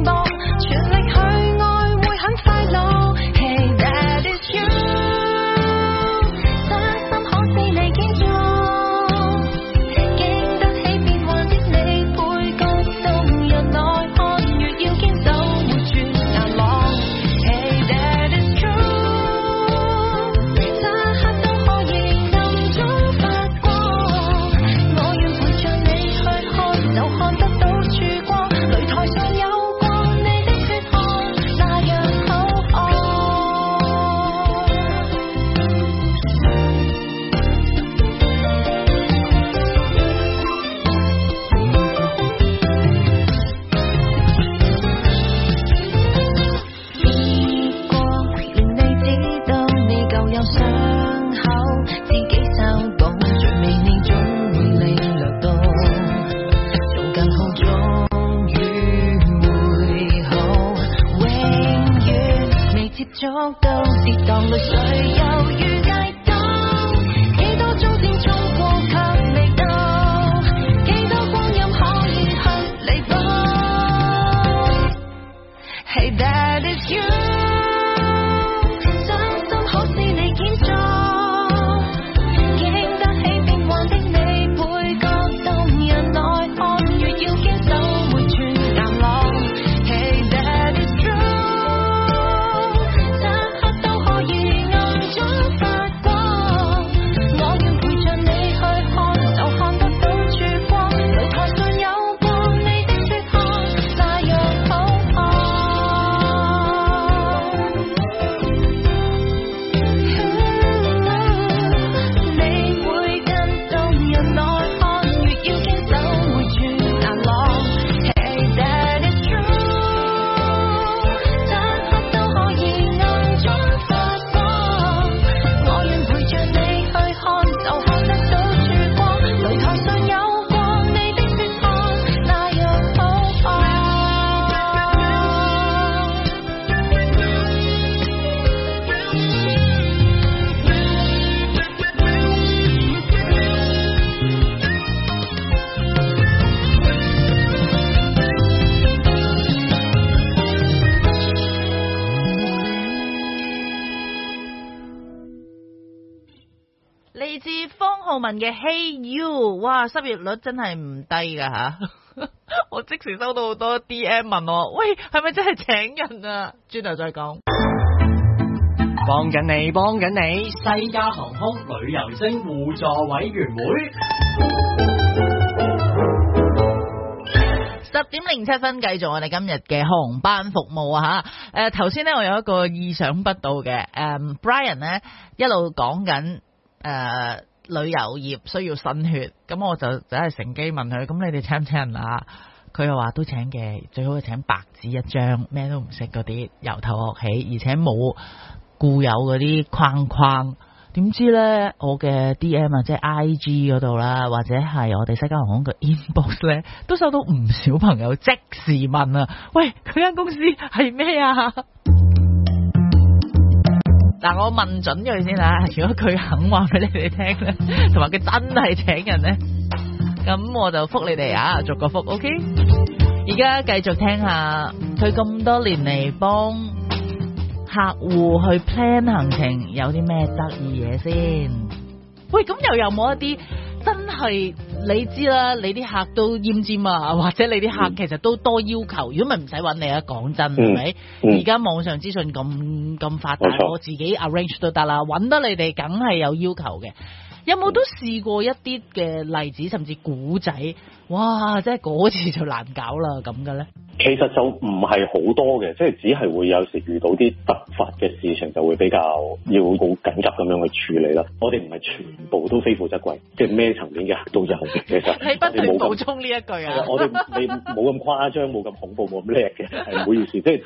嘅 Hey you，哇，失業率真係唔低噶吓，啊、 <laughs> 我即時收到好多 D M 問我，喂，係咪真係請人啊？轉頭再講，幫緊你，幫緊你，西加航空旅遊星互助委員會，十點零七分，繼續我哋今日嘅航班服務啊吓，誒，頭先呢，我有一個意想不到嘅，誒、啊、Brian 呢一路講緊誒。啊。旅遊業需要新血，咁我就就係乘機問佢，咁你哋請唔請人啊？佢又話都請嘅，最好係請白紙一張，咩都唔識嗰啲，由頭學起，而且冇固有嗰啲框框。點知呢？我嘅 D M 即係 I G 嗰度啦，或者係我哋西加航空嘅 inbox 呢，都收到唔少朋友即時問啊！喂，佢間公司係咩啊？但我問准佢先吓，如果佢肯話俾你哋聽咧，同埋佢真係請人咧，咁我就覆你哋啊，逐個覆，OK。而家繼續聽下，佢咁多年嚟幫客戶去 plan 行程有啲咩得意嘢先？喂，咁又有冇一啲真係？你知啦，你啲客都奄尖啊，或者你啲客其實都多要求，如果咪唔使揾你啊！講真，係、嗯、咪？而家、嗯、網上資訊咁咁發達、嗯，我自己 arrange 都得啦。揾得你哋，梗係有要求嘅。有冇都試過一啲嘅例子，甚至古仔？哇！即係嗰次就難搞啦，咁嘅咧。其實就唔係好多嘅，即係只係會有時遇到啲突發嘅事情，就會比較要好緊急咁樣去處理啦。我哋唔係全部都非富則貴，即係咩層面嘅客都有，其實我們沒。係不停補充呢一句啊！我哋你冇咁誇張，冇咁恐怖，冇咁叻嘅，係唔好意思，即係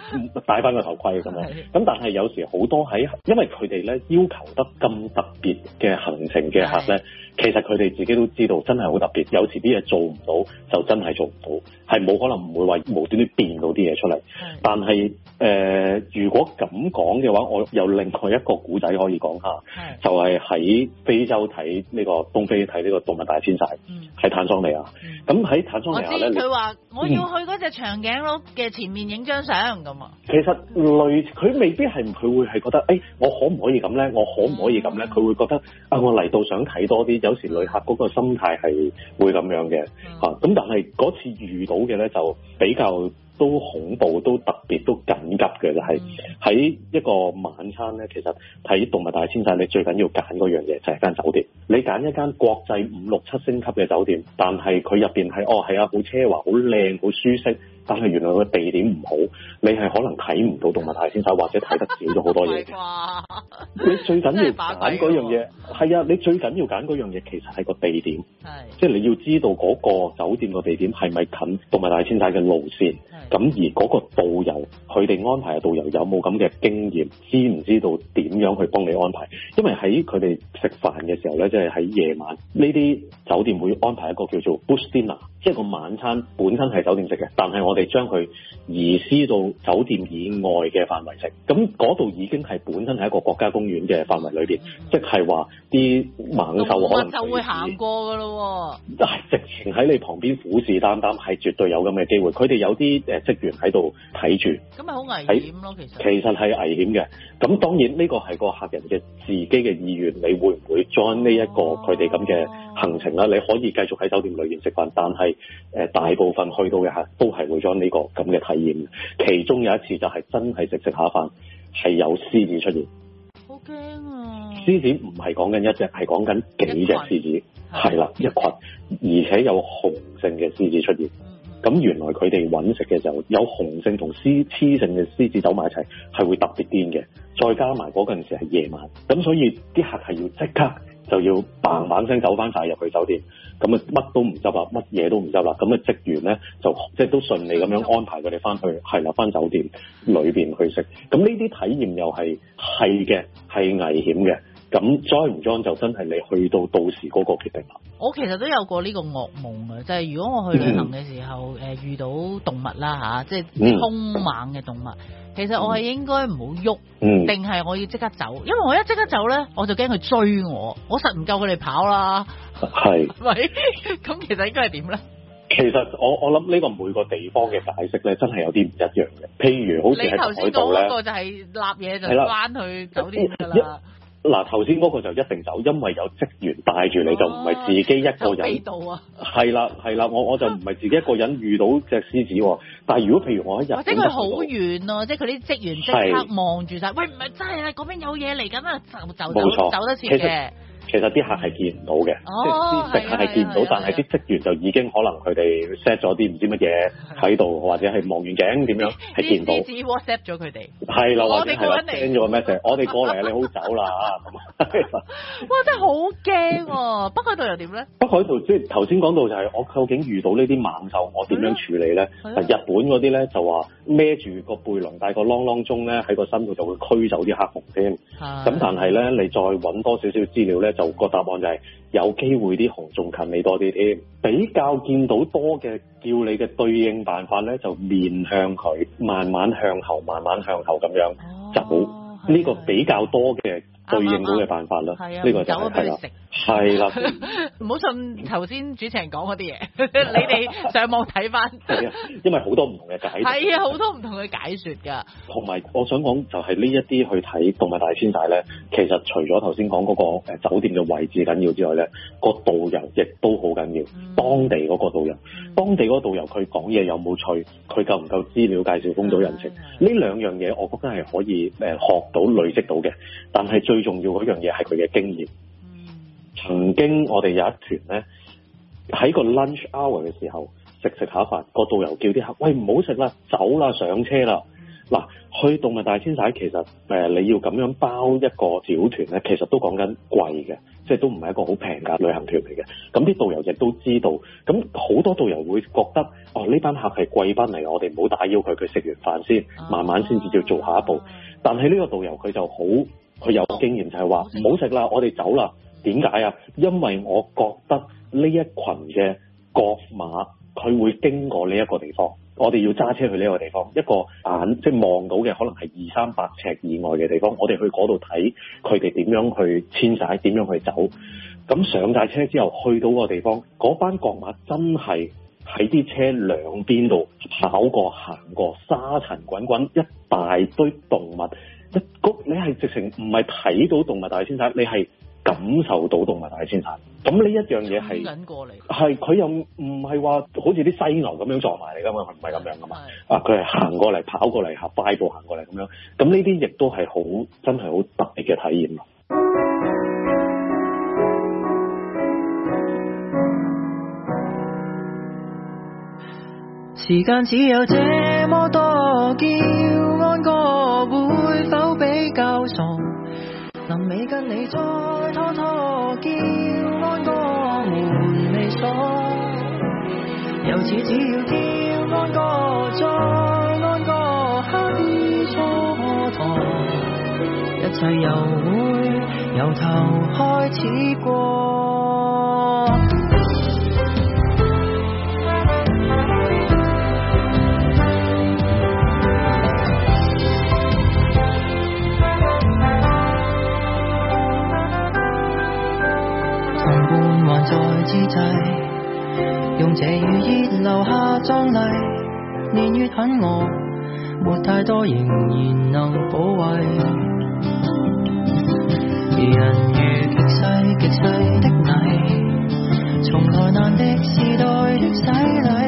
戴翻個頭盔咁樣。咁 <laughs> 但係有時好多喺，因為佢哋咧要求得咁特別嘅行程嘅客咧。 <laughs> 其實佢哋自己都知道，真係好特別。有時啲嘢，做唔到，就真係做唔到，係冇可能唔會話無端端變到啲嘢出嚟。是但係誒、呃，如果咁講嘅話，我有另外一個古仔可以講下，是就係喺非洲睇呢、這個東非睇呢個動物大遷徙，係、嗯、坦桑尼亞。咁、嗯、喺坦桑尼亞咧，我知、佢話我要去嗰隻長頸鹿嘅前面影張相咁啊。嗯、其實類佢未必係佢會係覺得誒、哎，我可唔可以咁咧？我可唔可以咁咧？佢會覺得啊，我嚟到想睇多啲。有時旅客嗰個心態係會咁樣嘅嚇，咁、嗯啊、但係嗰次遇到嘅咧就比較都恐怖，都特別都緊急嘅，就係、是、喺一個晚餐咧。其實喺動物大遷徙你最緊要揀嗰樣嘢就係、是、間酒店。你揀一間國際五六七星級嘅酒店，但係佢入邊係哦係啊，好奢華，好靚，好舒適。但係原來個地點唔好，你係可能睇唔到動物大遷徙， <laughs> 或者睇得少咗好多嘢嘅。 <laughs> 你最緊緊要揀嗰 <laughs> 樣嘢東係 <laughs> 啊！你最緊要揀嗰樣嘢，其實係個地點，即係、就是、你要知道嗰個酒店個地點係咪近動物大遷徙嘅路線。咁而嗰個導遊佢哋安排嘅導遊有冇咁嘅經驗，知唔知道點樣去幫你安排？因為喺佢哋食飯嘅時候咧，即係喺夜晚呢啲酒店會安排一個叫做 b u s h d t i n a 即係個晚餐本身係酒店食嘅，但我。我哋將佢移師到酒店以外嘅範圍食，咁嗰度已經係本身係一個國家公園嘅範圍裏邊，即係話啲猛獸可能就會行過㗎咯、哦。但係直情喺你旁邊虎視眈眈，係絕對有咁嘅機會。佢哋有啲誒職員喺度睇住，咁咪好危險咯。其實其實係危險嘅。咁當然呢個係個客人嘅自己嘅意願，你會唔會 join 呢一個佢哋咁嘅行程啦？你可以繼續喺酒店裏邊食飯，但係誒、呃、大部分去到嘅客人都係會。咗呢個咁嘅體驗，其中有一次就係真係食食下飯，係有獅子出現。好驚啊！獅子唔係講緊一隻，係講緊幾隻獅子，係啦一群，而且有雄性嘅獅子出現。咁原來佢哋揾食嘅時候，有雄性同雌雌性嘅獅子走埋一齊，係會特別癲嘅。再加埋嗰陣時係夜晚，咁所以啲客係要即刻就要砰砰聲走翻晒入去酒店。咁啊，乜都唔執啦，乜嘢都唔執啦，咁啊，職員咧就即係都順利咁樣安排佢哋翻去，係啦，翻酒店裏面去食。咁呢啲體驗又係係嘅，係危險嘅。咁 join 唔 join 就真係你去到到時嗰個決定啦。我其實都有過呢個噩夢啊，就係、是、如果我去旅行嘅時候、嗯，遇到動物啦嚇，即係兇猛嘅動物。其實我係應該唔好喐，定、嗯、係我要即刻走？因為我一即刻走咧，我就驚佢追我，我實唔夠佢哋跑啦。係，喂，咁其實應該係點咧？其實我我諗呢個每個地方嘅解釋咧，真係有啲唔一樣嘅。譬如好似你頭先講嗰個就係立嘢就翻去酒店㗎啦。 <laughs> 嗱，頭先嗰個就一定走，因為有職員帶住你就唔係自己一個人。喺度啊！係啦，係啦，我我就唔係自己一個人遇到隻獅子喎。但係如果譬如我一日，或者佢好遠咯，即係佢啲職員即刻望住曬，喂唔係真係啊，嗰邊有嘢嚟緊啊，走就走走得切嘅。其實啲客係見唔到嘅、哦，即係啲食客係見唔到，啊啊啊啊、但係啲職員就已經可能佢哋 set 咗啲唔知乜嘢喺度，或者係望遠鏡點樣係見到。我哋 WhatsApp 咗佢哋。係啦、啊，啊啊、個 <laughs> 我哋過嚟 send 咗個 message。我哋過嚟，你好走啦。啊、哇！真係好驚。喎 <laughs> ！北海道又點呢？北海道即係頭先講到就係我究竟遇到呢啲猛獸，啊、我點樣處理咧？嗱、啊，但日本嗰啲呢，就話孭住個背囊，帶個啷啷鐘呢，喺個身度就會驅走啲黑熊添。咁、啊、但係咧，你再揾多少少資料咧？就個答案就係、是、有機會啲熊仲近你多啲添。比較見到多嘅叫你嘅對應辦法咧，就面向佢，慢慢向後，慢慢向後咁樣走，呢、哦這個比較多嘅。對應到嘅辦法啦，呢、嗯嗯嗯這個就係、是、啦，係啦，唔好 <laughs> <laughs> 信頭先主持人講嗰啲嘢， <laughs> 你哋上網睇返，因為好多唔同嘅解，係啊，好多唔同嘅解説㗎。同埋我想講就係呢一啲去睇動物大遷徙咧，其實除咗頭先講嗰個酒店嘅位置緊要之外咧，個導遊亦都好緊要、嗯，當地嗰個導遊、嗯，當地嗰個導遊佢講嘢有冇趣，佢夠唔夠資料介紹風土人情，呢、嗯、兩、嗯、樣嘢我覺得係可以誒學到累積到嘅，但係最最重要嗰樣嘢係佢嘅經驗。曾經我哋有一團呢，喺個 lunch hour 嘅時候食食下飯，個導遊叫啲客喂，唔好食啦，走啦上車啦。嗱，去動物大遷徙其實誒、呃、你要咁樣包一個小團呢，其實都講緊貴嘅，即係都唔係一個好平嘅旅行團嚟嘅。咁啲導遊亦都知道，咁好多導遊會覺得哦，呢班客係貴賓嚟，我哋唔好打擾佢，佢食完飯先，慢慢先至要做下一步。但係呢個導遊佢就好。佢有經驗就係話唔好食啦，我哋走啦。點解啊？因為我覺得呢一群嘅角馬佢會經過呢一個地方，我哋要揸車去呢個地方。一個眼即係望到嘅可能係二三百尺以外嘅地方，我哋去嗰度睇佢哋點樣去遷徙，點樣去走。咁上大車之後，去到個地方，嗰班角馬真係喺啲車兩邊度跑過行過，沙塵滾滾，一大堆動物。一你係直情唔係睇到動物大先生，你係感受到動物大先生。咁呢一,一,一樣嘢係，係佢又唔係話好似啲犀牛咁樣撞埋嚟㗎嘛，係唔係咁樣㗎嘛？啊，佢係行過嚟，跑過嚟，嚇快步行過嚟咁樣。咁呢啲亦都係好真係好特別嘅體驗啊！時間只有這麼多，叫安哥。你再拖拖，叫安哥門未鎖。由此只要叫安哥再安哥，刻意蹉跎，一切又會由頭開始過。在之際，用這雨熱留下壯麗。年月很餓，沒太多，仍然能保衛。人如極細極細的泥，從何難的時代的洗禮。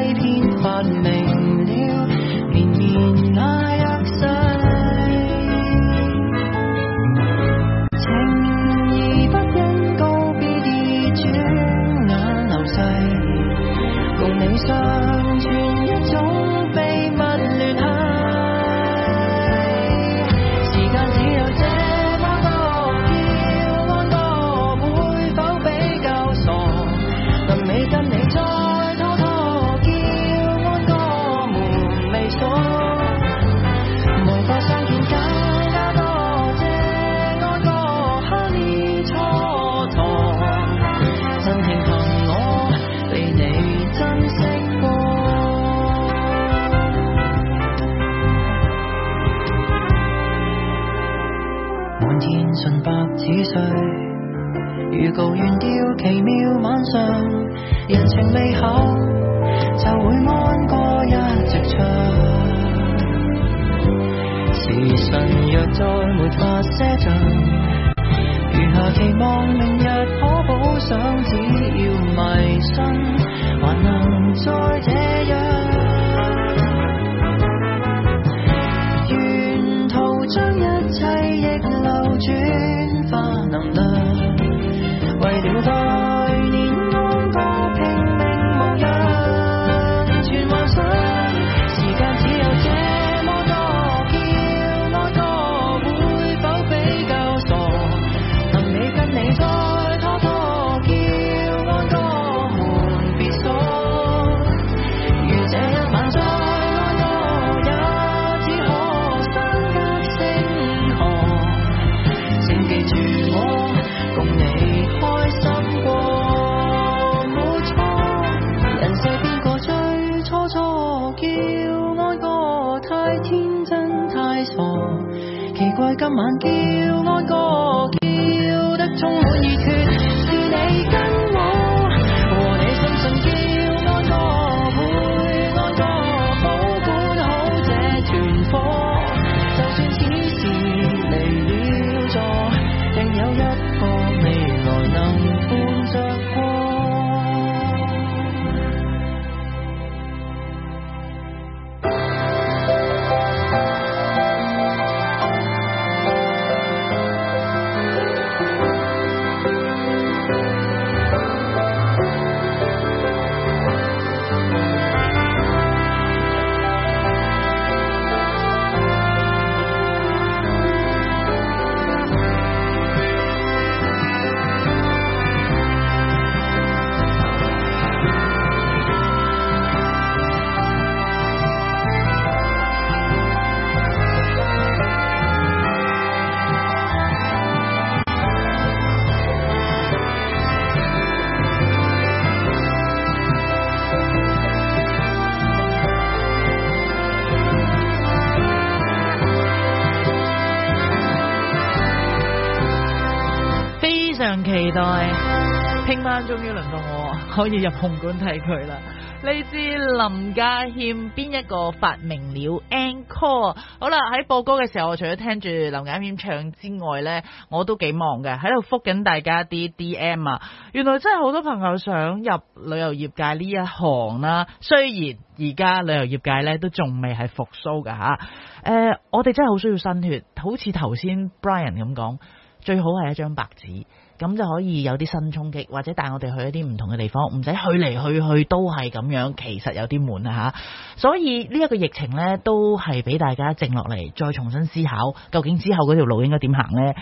終於輪到我可以入紅館睇佢啦！呢支林家謙邊一個發明了《Encore》好啦，喺播歌嘅時候，我除咗聽住林家謙唱之外呢，我都幾忙嘅，喺度復緊大家啲 DM 啊！原來真係好多朋友想入旅遊業界呢一行啦，雖然而家旅遊業界呢都仲未係復蘇嘅吓，誒、呃，我哋真係好需要新血，好似頭先 Brian 咁講，最好係一張白紙。咁就可以有啲新衝擊，或者帶我哋去一啲唔同嘅地方，唔使去嚟去去都係咁樣，其實有啲悶啊嚇。所以呢一個疫情呢都係俾大家靜落嚟，再重新思考究竟之後嗰條路應該點行呢。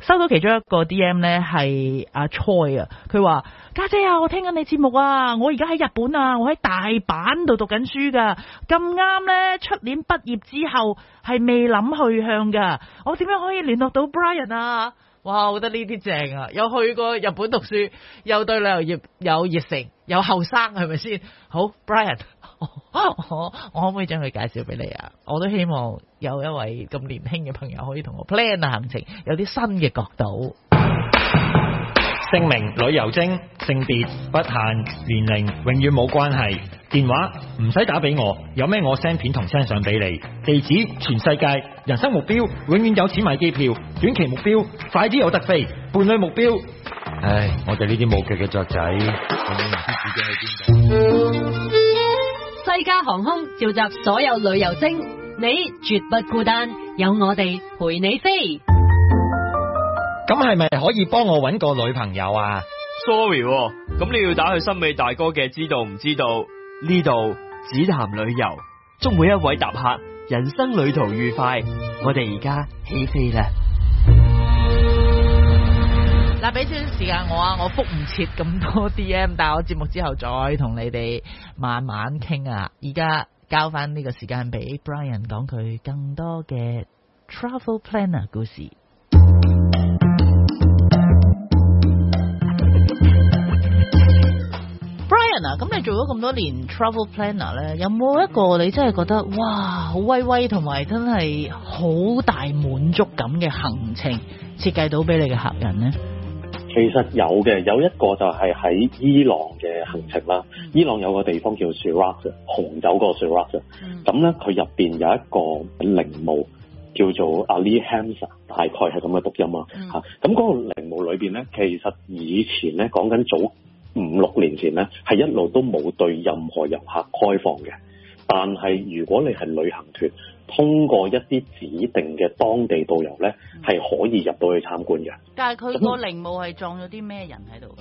收到其中一個 D M 呢係阿 Choi 啊 Troy,，佢話：家姐啊，我聽緊你節目啊，我而家喺日本啊，我喺大阪度讀緊書㗎，咁啱呢，出年畢業之後係未諗去向㗎，我點樣可以聯絡到 Brian 啊？哇，我覺得呢啲正啊！有去過日本讀書，又對旅遊業有熱誠，有後生係咪先？好，Brian，我我，我可唔可以將佢介紹俾你啊？我都希望有一位咁年輕嘅朋友可以同我 plan 啊行程，有啲新嘅角度。姓名旅遊精，性別不限，年齡永遠冇關係。電話唔使打俾我，有咩我 send 片同 send 相俾你。地址全世界，人生目標永遠有錢買機票，短期目標快啲有得飛，伴侶目標。唉，我哋呢啲冇腳嘅雀仔，永遠唔知自己喺邊。西加航空召集所有旅遊精，你絕不孤單，有我哋陪你飛。咁係咪可以幫我搵個女朋友啊？Sorry，咁、哦、你要打去森美大哥嘅，知道唔知道？呢度只談旅遊，祝每一位搭客人生旅途愉快。我哋而家起飛啦！嗱，俾少少時間我啊，我複唔切咁多 DM，但我節目之後再同你哋慢慢傾啊。而家交翻呢個時間俾 Brian 講佢更多嘅 Travel Planner 故事。咁你做咗咁多年 travel planner 咧，有冇一個你真係覺得哇好威威，同埋真係好大滿足感嘅行程設計到俾你嘅客人咧？其實有嘅，有一個就係喺伊朗嘅行程啦、嗯。伊朗有個地方叫 Shiraz，紅酒嗰個 Shiraz、嗯。咁咧，佢入邊有一個陵墓叫做 Ali Hamza，大概係咁嘅讀音啊。吓、嗯，咁嗰個陵墓裏邊咧，其實以前咧講緊早。五六年前咧，係一路都冇對任何遊客開放嘅。但係如果你係旅行團，通過一啲指定嘅當地導遊咧，係、嗯、可以入到去參觀嘅。但係佢個陵墓係葬咗啲咩人喺度？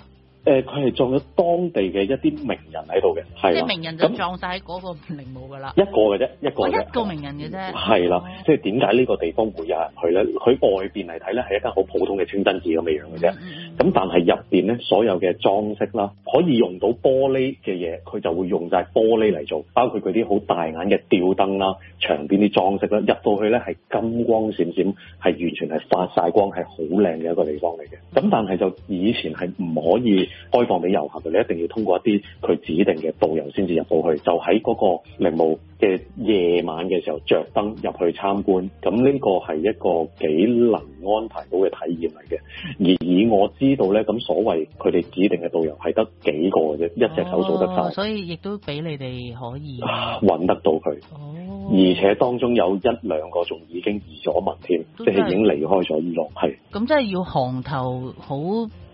誒、嗯，佢係葬咗當地嘅一啲名人喺度嘅。即係名人就葬晒喺嗰個陵墓噶啦。一個嘅啫，一個嘅，一個名人嘅啫。係、嗯、啦，即係點解呢個地方會有人去咧？佢、嗯、外邊嚟睇咧，係一間好普通嘅清真寺咁嘅樣嘅啫、嗯。嗯咁但係入邊咧，所有嘅裝飾啦，可以用到玻璃嘅嘢，佢就會用晒玻璃嚟做，包括佢啲好大眼嘅吊燈啦、牆邊啲裝飾啦，入到去咧係金光閃閃，係完全係發曬光，係好靚嘅一個地方嚟嘅。咁但係就以前係唔可以開放俾遊客嘅，你一定要通過一啲佢指定嘅導遊先至入到去，就喺嗰個陵墓嘅夜晚嘅時候着燈入去參觀，咁呢個係一個幾能安排到嘅體驗嚟嘅，而以我知。知道咧，咁所謂佢哋指定嘅導遊係得幾個嘅啫、哦，一隻手數得翻，所以亦都俾你哋可以揾、啊、得到佢。哦，而且當中有一兩個仲已經移咗民添、就是，即係已經離開咗伊朗。係咁，真、嗯、係要行頭好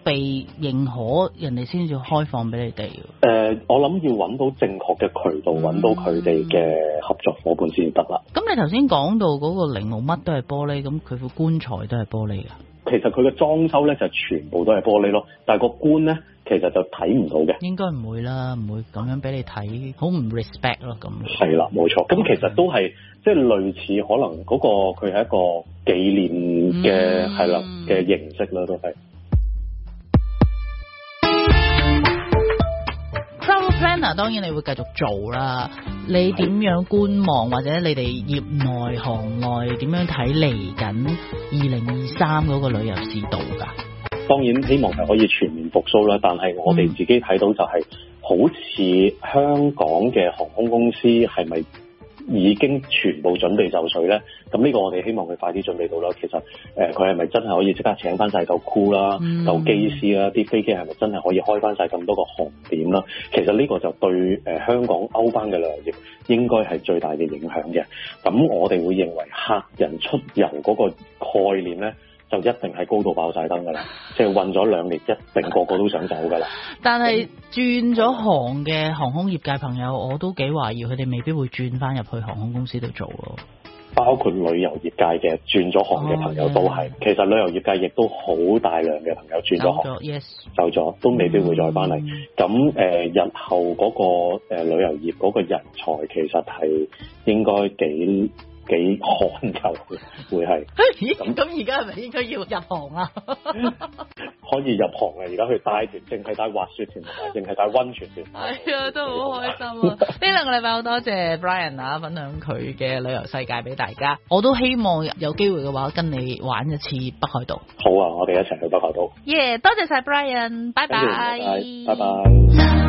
被認可，人哋先至開放俾你哋。誒、呃，我諗要揾到正確嘅渠道，揾、嗯、到佢哋嘅合作夥伴先得啦。咁你頭先講到嗰個陵墓乜都係玻璃，咁佢副棺材都係玻璃㗎？其實佢嘅裝修咧就全部都係玻璃咯，但係個觀咧其實就睇唔到嘅。應該唔會啦，唔會咁樣俾你睇，好唔 respect 咯咁。係啦，冇錯。咁其實都係即係類似，可能嗰、嗰個佢係一個紀念嘅係啦嘅形式啦都係。當然你會繼續做啦，你點樣觀望或者你哋業內行內點樣睇嚟緊二零二三嗰個旅遊市道㗎？當然希望係可以全面復甦啦，但係我哋自己睇到就係、是嗯、好似香港嘅航空公司係咪？已經全部準備就緒咧，咁呢個我哋希望佢快啲準備到啦。其實，誒佢係咪真係可以即刻請翻曬舊僱啦、舊機師啦、啲飛機係咪真係可以開翻晒咁多個航點啦？其實呢個就對、呃、香港歐班嘅旅遊業應該係最大嘅影響嘅。咁我哋會認為客人出遊嗰個概念咧。就一定喺高度爆晒燈㗎啦，即係運咗兩年，一定個個都想走㗎啦。但係轉咗行嘅航空業界朋友，我都幾懷疑佢哋未必會轉翻入去航空公司度做囉。包括旅遊業界嘅轉咗行嘅朋友都係，oh, yeah. 其實旅遊業界亦都好大量嘅朋友轉咗行，走咗、yes.，都未必會再翻嚟。咁、嗯呃、日後嗰、嗰個、呃、旅遊業嗰個人才，其實係應該幾？幾寒就會係，咁咁而家係咪應該要入行啊 <laughs> 可以入行嘅，而家去帶團，淨係帶滑雪團，淨係帶溫泉團。係、哎、啊，都好開心啊！呢 <laughs> 兩個禮拜好多謝 Brian 啊，分享佢嘅旅遊世界俾大家。我都希望有機會嘅話，跟你玩一次北海道。好啊，我哋一齊去北海道。耶、yeah，多謝晒 Brian，拜拜，you，拜拜，拜拜。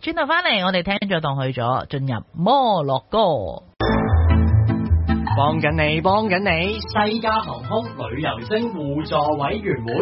轉頭翻嚟，我哋聽咗當去咗，進入摩洛哥，幫緊你，幫緊你，西加航空旅遊星互助委員會。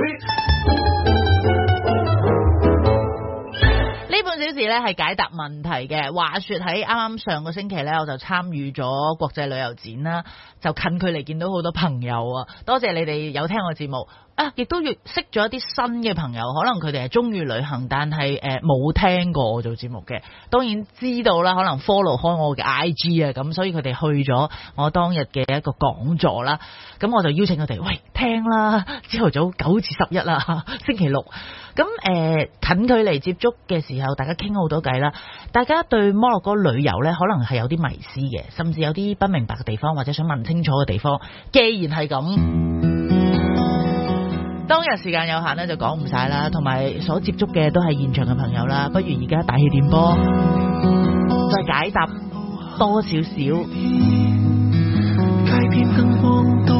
呢 <music> 半小時咧係解答問題嘅。話說喺啱啱上個星期呢，我就參與咗國際旅遊展啦，就近距離見到好多朋友啊！多謝你哋有聽我節目。啊！亦都要識咗一啲新嘅朋友，可能佢哋係鍾意旅行，但係誒冇聽過我做節目嘅，當然知道啦。可能 follow 開我嘅 IG 啊，咁所以佢哋去咗我當日嘅一個講座啦。咁我就邀請佢哋，喂，聽啦！朝頭早九至十一啦，星期六。咁誒、呃、近距離接觸嘅時候，大家傾好多偈啦。大家對摩洛哥旅遊呢，可能係有啲迷思嘅，甚至有啲不明白嘅地方，或者想問清楚嘅地方。既然係咁。當日時間有限呢，就講唔曬啦，同埋所接觸嘅都係現場嘅朋友啦，不如而家大氣電波，再解答多少少。街邊街邊燈光都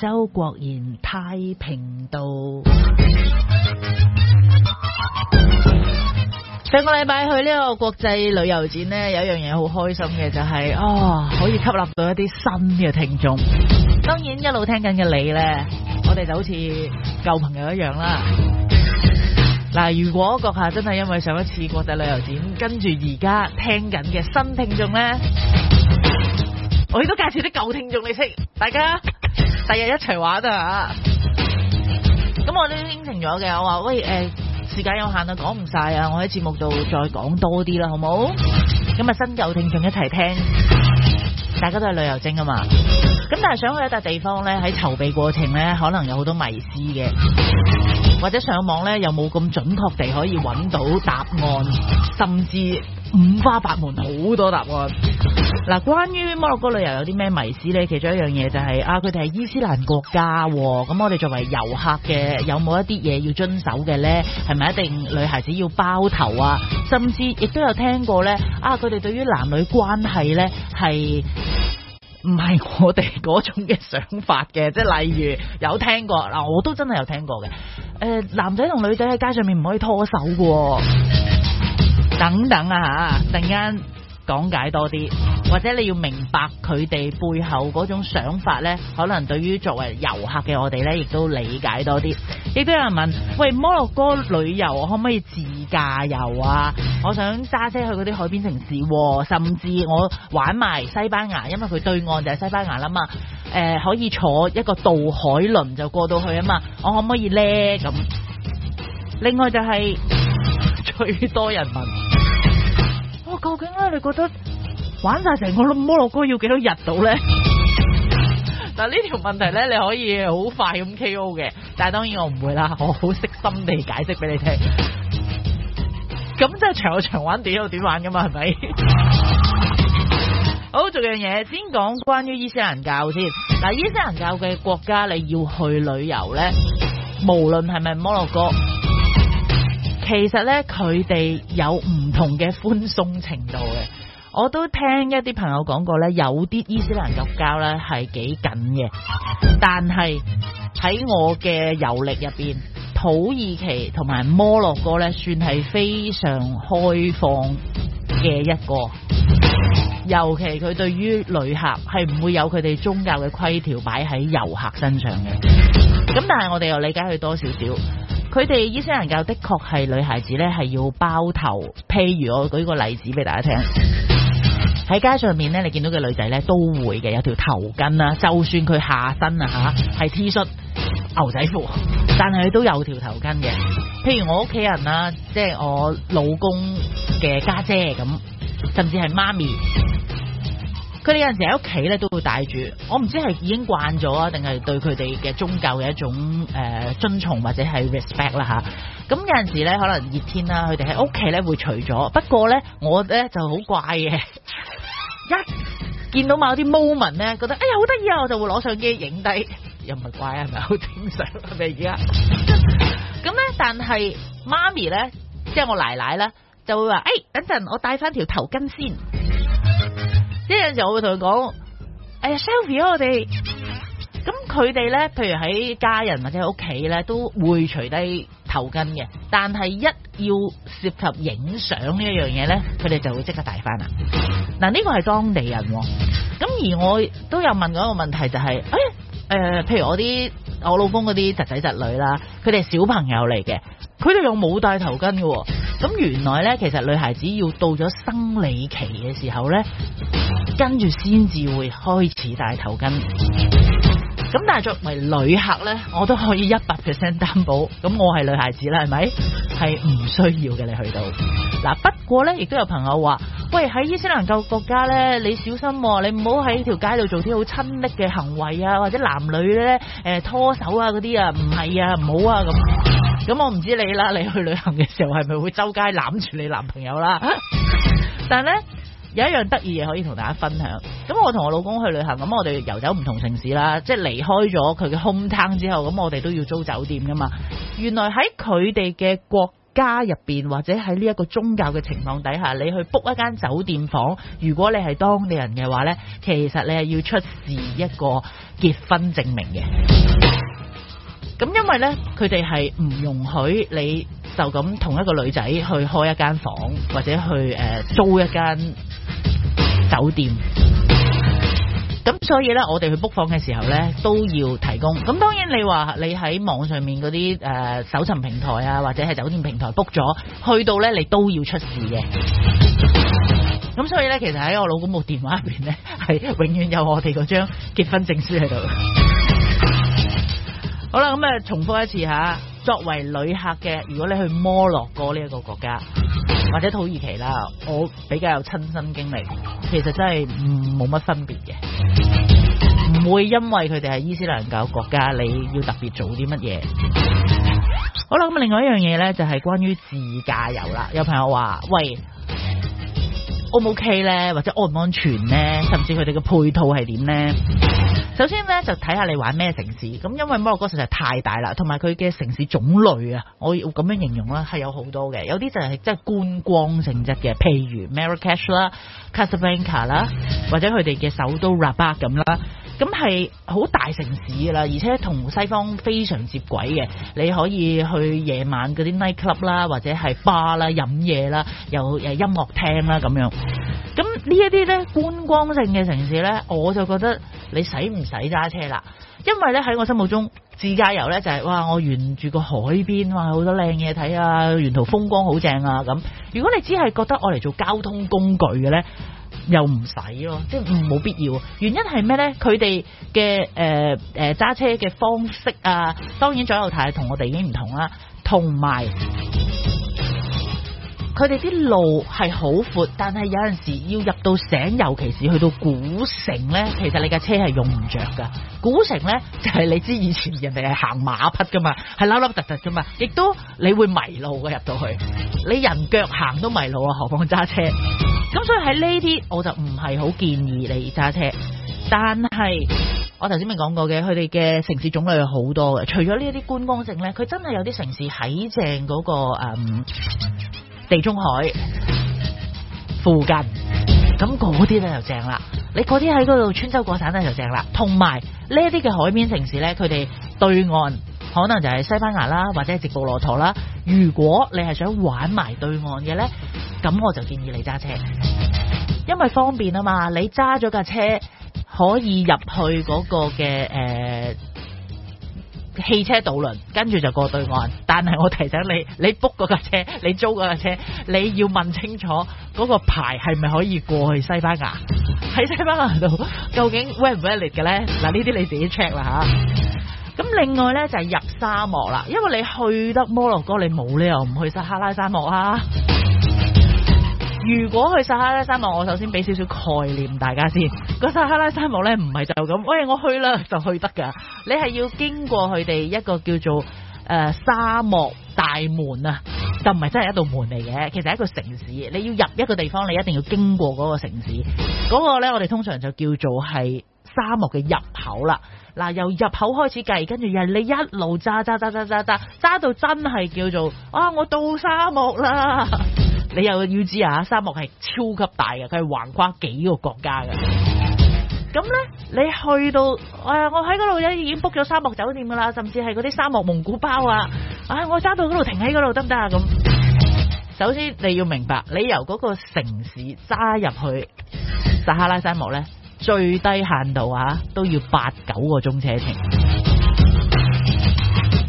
周國賢太平道。上個禮拜去呢個國際旅遊展呢，有一樣嘢好開心嘅就係哦，可以吸納到一啲新嘅聽眾。當然一路聽緊嘅你呢，我哋就好似舊朋友一樣啦。嗱，如果閣下真係因為上一次國際旅遊展跟住而家聽緊嘅新聽眾呢，我亦都介紹啲舊聽眾你識大家。第日一齊玩啊！咁我都應承咗嘅，我話喂，誒、呃，時間有限啊，講唔晒啊，我喺節目度再講多啲啦，好冇？咁啊，新舊聽眾一齊聽，大家都係旅遊精啊嘛！咁但係想去一笪地方咧，喺籌備過程咧，可能有好多迷思嘅，或者上網咧又冇咁準確地可以搵到答案，甚至五花八門好多答案。嗱，關於摩洛哥旅遊有啲咩迷思呢？其中一樣嘢就係啊，佢哋係伊斯蘭國家，咁我哋作為遊客嘅，有冇一啲嘢要遵守嘅呢？係咪一定女孩子要包頭啊？甚至亦都有聽過呢，啊，佢哋對於男女關係呢，係唔係我哋嗰種嘅想法嘅？即係例如有聽過嗱，我都真係有聽過嘅。誒、呃，男仔同女仔喺街上面唔可以拖手嘅，等等啊吓，突然間。講解多啲，或者你要明白佢哋背後嗰種想法咧，可能對於作為遊客嘅我哋咧，亦都理解多啲。亦都有人問：喂，摩洛哥旅遊可唔可以自駕遊啊？我想揸車去嗰啲海邊城市，哦，甚至我玩埋西班牙，因為佢對岸就係西班牙啦嘛。誒、呃，可以坐一個渡海輪就過到去啊嘛。我可唔可以咧？咁另外就係、是、最多人問。究竟咧，你覺得玩晒成個摩洛哥要幾多日到咧？嗱，呢條問題咧，你可以好快咁 K O 嘅，但係當然我唔會啦，我好悉心地解釋俾你聽。咁即係長有長玩，短有短玩噶嘛，係咪？ <laughs> 好，做樣嘢，先講關於伊斯蘭教先。嗱，伊斯蘭教嘅國家你要去旅遊咧，無論係咪摩洛哥。其實咧，佢哋有唔同嘅寬鬆程度嘅。我都聽一啲朋友講過咧，有啲伊斯蘭教教咧係幾緊嘅。但係喺我嘅遊歷入邊，土耳其同埋摩洛哥咧，算係非常開放嘅一個。尤其佢對於旅客係唔會有佢哋宗教嘅規條擺喺遊客身上嘅。咁但係我哋又理解佢多少少。佢哋伊斯蘭教的確係女孩子咧，係要包頭。譬如我舉個例子俾大家聽，喺街上面咧，你見到嘅女仔咧都會嘅有條頭巾啦。就算佢下身啊吓係 T 恤、牛仔褲，但係佢都有條頭巾嘅。譬如我屋企人啦，即係我老公嘅家姐咁，甚至係媽咪。佢哋有陣時喺屋企咧都會戴住，我唔知係已經慣咗啊，定係對佢哋嘅宗教嘅一種誒、呃、遵從或者係 respect 啦吓。咁、嗯、有陣時咧可能熱天啦，佢哋喺屋企咧會除咗。不過咧我咧就好怪嘅， <laughs> 一見到某啲 moment 咧，覺得哎呀好得意啊，我就會攞相機影低。又唔係怪係咪好精神正常咩而家？咁咧、 <laughs> 嗯，但係媽咪咧即係我奶奶咧就會話：誒、欸，等陣我戴翻條頭巾先。即係有陣時我會同佢講，誒、哎、selfie、啊，我哋咁佢哋咧，譬如喺家人或者喺屋企咧，都會除低頭巾嘅。但係一要涉及影相呢一樣嘢咧，佢哋就會即刻戴翻啦。嗱，呢個係當地人。咁而我都有問過一個問題，就是，就係誒，誒、呃，譬如我啲我老公嗰啲侄仔侄女啦，佢哋係小朋友嚟嘅。佢哋又冇戴頭巾嘅，咁原來呢，其實女孩子要到咗生理期嘅時候呢，跟住先至會開始戴頭巾。咁但係作為旅客咧，我都可以一百 percent 擔保，咁我係女孩子啦，係咪？係唔需要嘅，你去到嗱。不過咧，亦都有朋友話：喂，喺伊斯蘭教國家咧，你小心，你唔好喺條街度做啲好親昵嘅行為啊，或者男女咧，誒，拖手啊，嗰啲啊，唔係啊，唔好啊，咁。咁我唔知你啦，你去旅行嘅時候係咪會周街攬住你男朋友啦？但係咧。有一樣得意嘢，可以同大家分享。咁我同我老公去旅行，咁我哋遊走唔同城市啦，即係離開咗佢嘅空 o 之後，咁我哋都要租酒店噶嘛。原來喺佢哋嘅國家入邊，或者喺呢一個宗教嘅情況底下，你去 book 一間酒店房，如果你係當地人嘅話呢，其實你係要出示一個結婚證明嘅。咁因為呢，佢哋係唔容許你就咁同一個女仔去開一間房，或者去誒、呃、租一間。酒店，咁所以呢，我哋去 book 房嘅時候呢，都要提供。咁當然你，你話你喺網上面嗰啲誒搜尋平台啊，或者係酒店平台 book 咗，去到呢，你都要出示嘅。咁所以呢，其實喺我老公部電話入邊呢，係永遠有我哋嗰張結婚證書喺度。好啦，咁啊重複一次吓，作為旅客嘅，如果你去摩洛哥呢一個國家，或者土耳其啦，我比較有親身經歷，其實真係冇乜分別嘅，唔會因為佢哋係伊斯蘭教國家，你要特別做啲乜嘢。好啦，咁另外一樣嘢呢，就係關於自駕遊啦。有朋友話，喂。O 唔 O K 咧，或者安唔安全咧，甚至佢哋嘅配套係點咧？首先咧就睇下你玩咩城市，咁因為摩洛哥實在太大啦，同埋佢嘅城市種類啊，我咁樣形容啦，係有好多嘅，有啲就係即係觀光性質嘅，譬如 Marrakesh 啦、Casablanca 啦，或者佢哋嘅首都 Rabat 咁啦。咁係好大城市啦，而且同西方非常接軌嘅，你可以去夜晚嗰啲 night club 啦，或者係 bar 啦，飲嘢啦，又誒音樂廳啦咁樣。咁呢一啲咧觀光性嘅城市咧，我就覺得你使唔使揸車啦？因為咧喺我心目中，自駕遊咧就係、是、哇，我沿住個海邊哇，好多靚嘢睇啊，沿途風光好正啊咁。如果你只係覺得我嚟做交通工具嘅咧。又唔使咯，即係冇必要。原因係咩咧？佢哋嘅誒誒揸車嘅方式啊，當然左右軚同我哋已經唔同啦，同埋。佢哋啲路係好闊，但係有陣時要入到城，尤其是去到古城呢，其實你架車係用唔着噶。古城呢，就係、是、你知以前人哋係行馬匹噶嘛，係凹凹凸凸噶嘛，亦都你會迷路噶入到去。你人腳行都迷路啊，何況揸車？咁所以喺呢啲我就唔係好建議你揸車。但係我頭先咪講過嘅，佢哋嘅城市種類有好多嘅，除咗呢啲觀光性呢，佢真係有啲城市喺正嗰個誒。嗯地中海附近，咁嗰啲咧就正啦。你嗰啲喺嗰度穿州過省咧就正啦。同埋呢一啲嘅海邊城市呢，佢哋對岸可能就係西班牙啦，或者係直布羅陀啦。如果你係想玩埋對岸嘅呢，咁我就建議你揸車，因為方便啊嘛。你揸咗架車可以入去嗰個嘅誒。呃汽車渡輪，跟住就過對岸。但係我提醒你，你 book 嗰架車，你租嗰架車，你要問清楚嗰個牌係咪可以過去西班牙？喺西班牙度究竟穩唔穩定嘅咧？嗱，呢啲你自己 check 啦吓。咁另外咧就係入沙漠啦，因為你去得摩洛哥，你冇理由唔去撒哈拉沙漠啊。如果去撒哈拉沙漠，我首先俾少少概念大家先。個撒哈拉沙漠呢，唔係就咁，喂，我去啦就去得噶。你係要經過佢哋一個叫做誒、呃、沙漠大門啊，就唔係真係一道門嚟嘅，其實係一個城市。你要入一個地方，你一定要經過嗰個城市。嗰、個呢，我哋通常就叫做係沙漠嘅入口啦。嗱，由入口開始計，跟住又係你一路揸揸揸揸揸揸，揸到真係叫做啊，我到沙漠啦。你又要知啊，沙漠係超級大嘅，佢係橫跨幾個國家嘅。咁呢，你去到誒、哎，我喺嗰度已經 book 咗沙漠酒店噶啦，甚至係嗰啲沙漠蒙古包啊！唉、哎，我揸到嗰度停喺嗰度得唔得啊？咁，首先你要明白，你由嗰個城市揸入去撒哈拉沙漠呢，最低限度啊都要八九個鐘車程。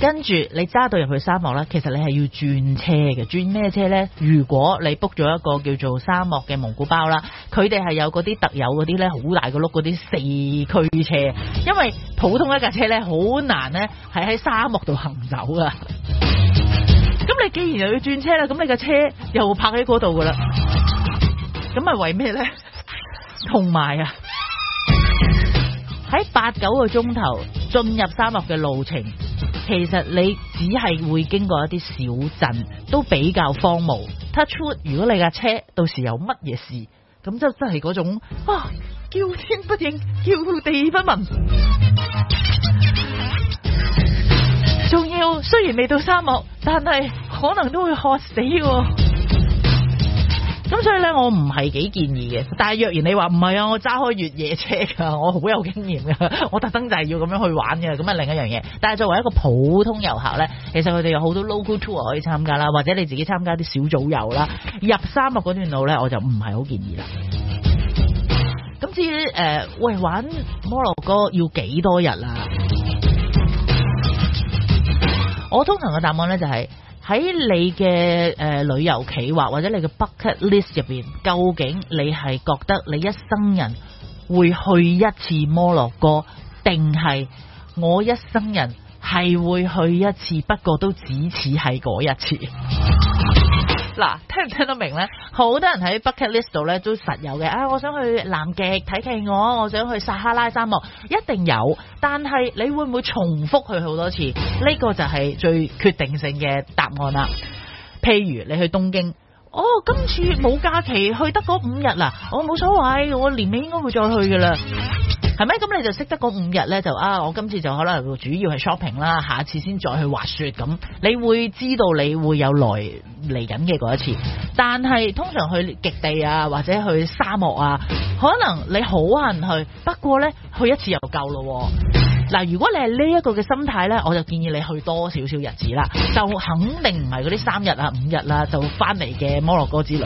跟住你揸到入去沙漠啦，其實你係要轉車嘅，轉咩車呢？如果你 book 咗一個叫做沙漠嘅蒙古包啦，佢哋係有嗰啲特有嗰啲呢好大個碌嗰啲四驅車，因為普通一架車呢好難呢係喺沙漠度行走㗎。咁你既然又要轉車啦，咁你架車又會泊喺嗰度噶啦？咁係為咩呢？同埋啊，喺八九個鐘頭進入沙漠嘅路程。其實你只係會經過一啲小鎮，都比較荒蕪。Touchwood，如果你架車到時有乜嘢事，咁就真係嗰種啊，叫天不應，叫地不聞。仲要雖然未到沙漠，但係可能都會渴死的。咁所以咧，我唔係幾建議嘅。但係若然你話唔係啊，我揸開越野車㗎，我好有經驗㗎，我特登就係要咁樣去玩嘅。咁啊，另一樣嘢。但係作為一個普通遊客咧，其實佢哋有好多 local tour 可以參加啦，或者你自己參加啲小組遊啦。入沙漠嗰段路咧，我就唔係好建議啦。咁至於誒、呃，喂，玩摩洛哥要幾多日啊？我通常嘅答案咧就係、是。喺你嘅誒旅遊企劃，或者你嘅 bucket list 入邊，究竟你係覺得你一生人會去一次摩洛哥，定係我一生人係會去一次？不過都只此係嗰一次。嗱，聽唔聽得明呢？好多人喺 bucket list 度咧都實有嘅。啊、哎，我想去南極睇企鵝，我我想去撒哈拉沙漠，一定有。但係你會唔會重複去好多次？呢、這個就係最決定性嘅答案啦。譬如你去東京，哦，今次冇假期，去得嗰五日嗱，我、哦、冇所謂，我年尾應該會再去噶啦。係咪咁你就識得嗰五日呢，就啊我今次就可能主要係 shopping 啦，下次先再去滑雪咁，你會知道你會有來嚟緊嘅嗰一次。但係通常去極地啊或者去沙漠啊，可能你好恨去，不過呢，去一次又夠啦。嗱，如果你係呢一個嘅心態呢，我就建議你去多少少日子啦，就肯定唔係嗰啲三日啊五日啦，啊，就翻嚟嘅摩洛哥之旅。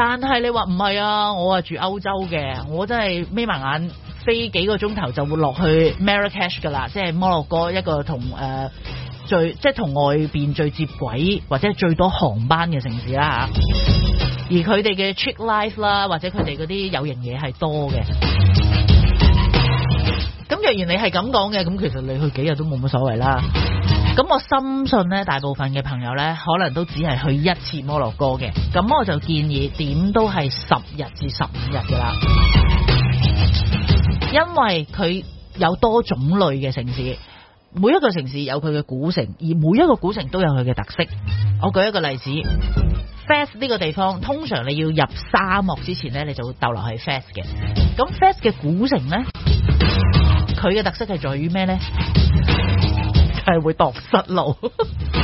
但係你話唔係啊，我啊住歐洲嘅，我真係眯埋眼飛幾個鐘頭就會落去 Marrakesh 噶啦即係摩洛哥一個同誒、呃、最即係同外邊最接軌或者最多航班嘅城市啦吓、啊，而佢哋嘅 trick life 啦，或者佢哋嗰啲有型嘢係多嘅，咁若然你係咁講嘅，咁其實你去幾日都冇乜所謂啦。咁我深信咧，大部分嘅朋友呢，可能都只係去一次摩洛哥嘅，咁我就建議點都係十日至十五日噶啦，因為佢有多種類嘅城市，每一個城市有佢嘅古城，而每一個古城都有佢嘅特色。我舉一個例子 <noise> ，Fes 呢個地方，通常你要入沙漠之前呢，你就會逗留喺 Fes 嘅，咁 Fes 嘅古城呢，佢嘅特色係在於咩呢？係會度失路 <laughs>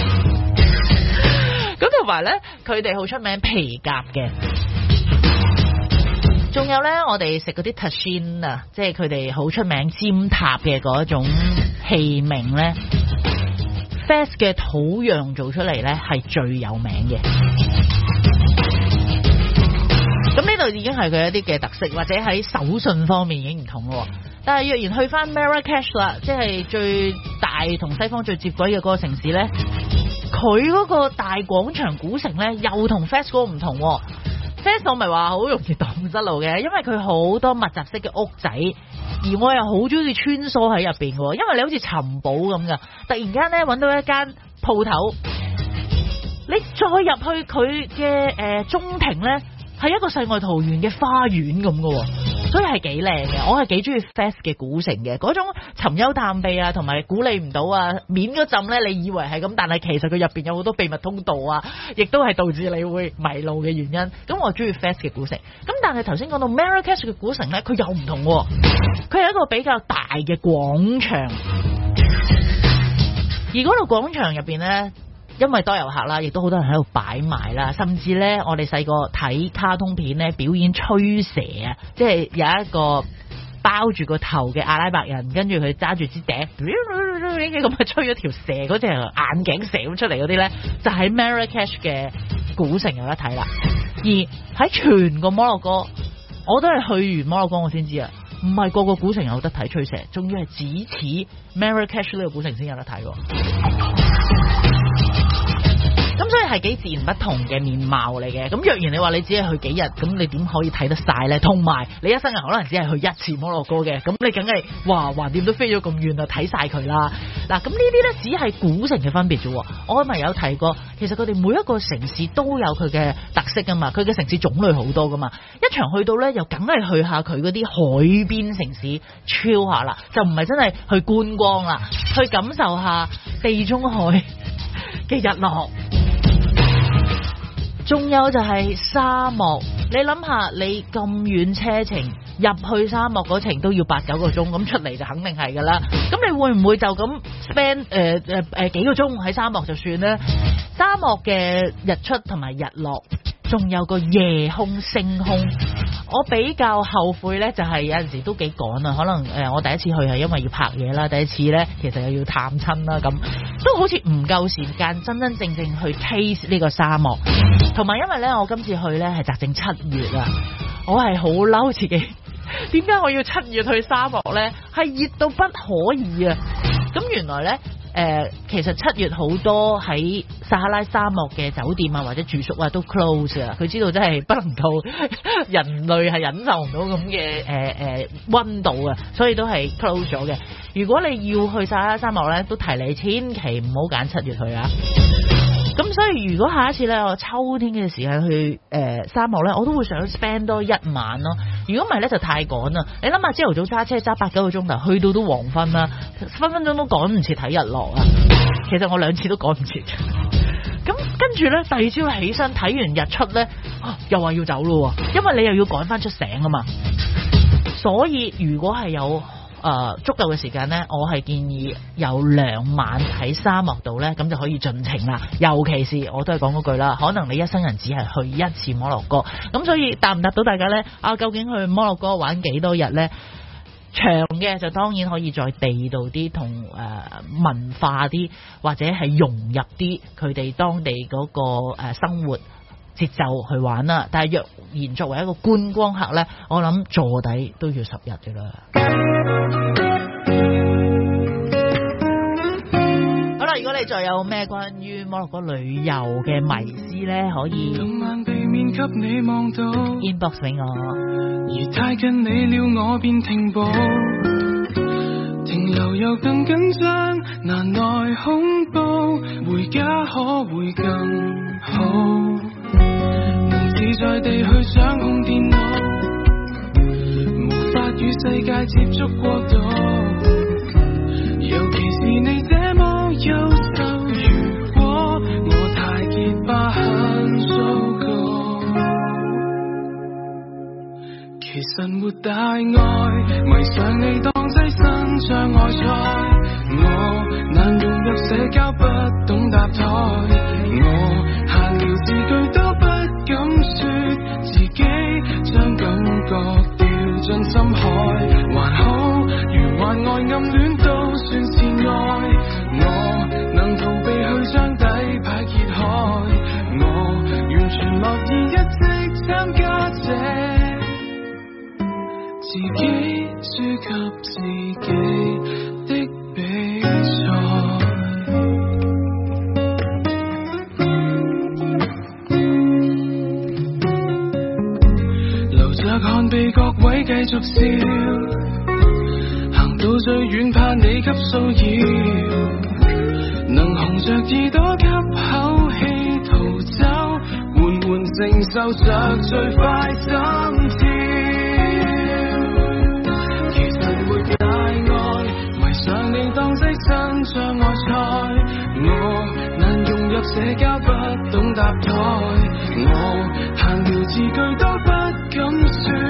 還有，咁同埋咧，佢哋好出名皮夾嘅，仲有咧，我哋食嗰啲 tagine 啊，即係佢哋好出名尖塔嘅嗰種器皿咧，Fest 嘅土壤做出嚟咧係最有名嘅，咁呢度已經係佢一啲嘅特色，或者喺手信方面已經唔同咯。但係若然去翻 Marrakech 啦，即係最大同西方最接軌嘅嗰個城市咧，佢嗰個大廣場古城咧，又同 Fesco 唔同。Fesco 咪話好容易蕩失路嘅，因為佢好多密集式嘅屋仔，而我又好中意穿梭喺入邊嘅，因為你好似尋寶咁噶。突然間咧，搵到一間鋪頭，你再入去佢嘅誒中庭咧，係一個世外桃源嘅花園咁嘅。都係幾靚嘅，我係幾中意 Fes 嘅古城嘅，嗰種尋幽探秘啊，同埋估你唔到啊，免嗰陣咧，你以為係咁，但係其實佢入邊有好多秘密通道啊，亦都係導致你會迷路嘅原因。咁我中意 Fes 嘅古城，咁但係頭先講到 Marrakesh 嘅古城咧，佢又唔同，佢係一個比較大嘅廣場，而嗰度廣場入邊咧。因為多遊客啦，亦都好多人喺度擺埋啦，甚至咧，我哋細個睇卡通片咧，表演吹蛇啊，即係有一個包住個頭嘅阿拉伯人，跟住佢揸住支笛，咁啊吹咗條蛇，嗰隻眼鏡蛇咁出嚟嗰啲咧，就喺 Marrakech 嘅古城有得睇啦。而喺全個摩洛哥，我都係去完摩洛哥我先知啊，唔係個個古城有得睇吹蛇，終於係只此 Marrakech 呢個古城先有得睇。咁所以係幾自然不同嘅面貌嚟嘅。咁若然你話你只係去幾日，咁你點可以睇得晒呢？同埋你一生人可能只係去一次摩洛哥嘅，咁你梗係哇，橫掂都飛咗咁遠啊，睇晒佢啦。嗱，咁呢啲呢，只係古城嘅分別啫。我咪有提過，其實佢哋每一個城市都有佢嘅特色㗎嘛，佢嘅城市種類好多噶嘛。一場去到呢，又梗係去下佢嗰啲海邊城市，超下啦，就唔係真係去觀光啦，去感受下地中海嘅日落。仲有就係沙漠，你諗下，你咁遠車程入去沙漠嗰程都要八九個鐘，咁出嚟就肯定係㗎喇。咁你會唔會就咁 spend 唉唉唉幾個鐘喺沙漠就算呢？沙漠嘅日出同埋日落，仲有個夜空星空。我比較後悔咧，就係有陣時都幾趕啊。可能誒，我第一次去係因為要拍嘢啦，第一次咧其實又要探親啦，咁都好似唔夠時間真真正正去 taste 呢個沙漠。同埋因為咧，我今次去咧係擇正七月啊，我係好嬲自己，點解我要七月去沙漠咧？係熱到不可以啊！咁原來咧。誒、呃，其實七月好多喺撒哈拉沙漠嘅酒店啊，或者住宿啊都 close 啊，佢知道真係不能夠，人類係忍受唔到咁嘅誒誒溫度啊，所以都係 close 咗嘅。如果你要去撒哈拉沙漠咧，都提你千祈唔好揀七月去啊。咁所以如果下一次咧，我秋天嘅時候去誒沙漠咧，我都會想 spend 多一晚咯。如果唔係咧就太趕啦。你諗下朝頭早揸車揸八九個鐘頭，去到都黃昏啦，分分鐘都趕唔切睇日落啊。其實我兩次都趕唔切。咁跟住咧，第二朝起身睇完日出咧，又話要走咯，因為你又要趕翻出城啊嘛。所以如果係有。誒、呃、足夠嘅時間呢，我係建議有兩晚喺沙漠度呢，咁就可以盡情啦。尤其是我都係講嗰句啦，可能你一生人只係去一次摩洛哥，咁所以答唔答到大家呢？啊，究竟去摩洛哥玩幾多日呢？長嘅就當然可以再地道啲，同、呃、文化啲，或者係融入啲佢哋當地嗰個生活。節奏去玩啦，但係若然作為一個觀光客咧，我諗坐底都要十日嘅啦。好啦，如果你再有咩關於摩洛哥旅遊嘅迷思咧，可以更晚給你到 inbox me 我。能自在地去掌控電腦，無法與世界接觸過度。尤其是你這麼優秀，如果我太結巴很糟糕。其實沒大礙，迷上你當躋身障礙賽。我難融入社交，不懂搭台，我閒聊字句都。深海還好，如還愛暗戀都算是愛。我能逃避去將底牌揭開，我完全樂意一直參加者，自己輸給自己。繼續笑，行到最遠怕你給騷擾，能紅着耳朵吸口氣逃走，緩緩承受着最快心跳。 <music> 其實沒大礙，迷上你當犧牲障礙賽，我難融入社交，不懂搭台，我閒聊字句都不敢說。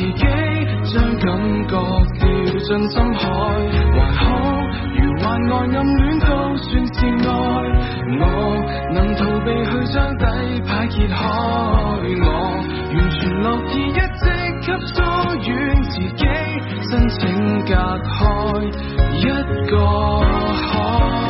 自己將感覺掉進深海，還好，如望外暗戀都算是愛。我能逃避去將底牌揭開，我完全樂意一直給疏遠自己，申請隔開一個海。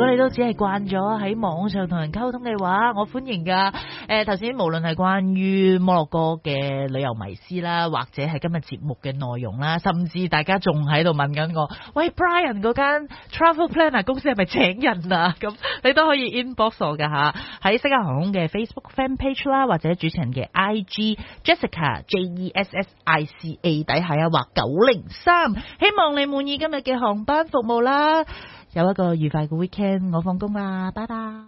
如果你都只係慣咗喺網上同人溝通嘅話，我歡迎噶。誒頭先無論係關於摩洛哥嘅旅遊迷思啦，或者係今日節目嘅內容啦，甚至大家仲喺度問緊我，喂 Brian 嗰間 Travel Planner 公司係咪請人啊？咁你都可以 inbox 我噶吓，喺西加航空嘅 Facebook Fan Page 啦，或者主持人嘅 IG Jessica J E S S I C A 底下啊，或九零三。希望你滿意今日嘅航班服務啦。有一個愉快嘅 weekend，我放工啦，拜拜。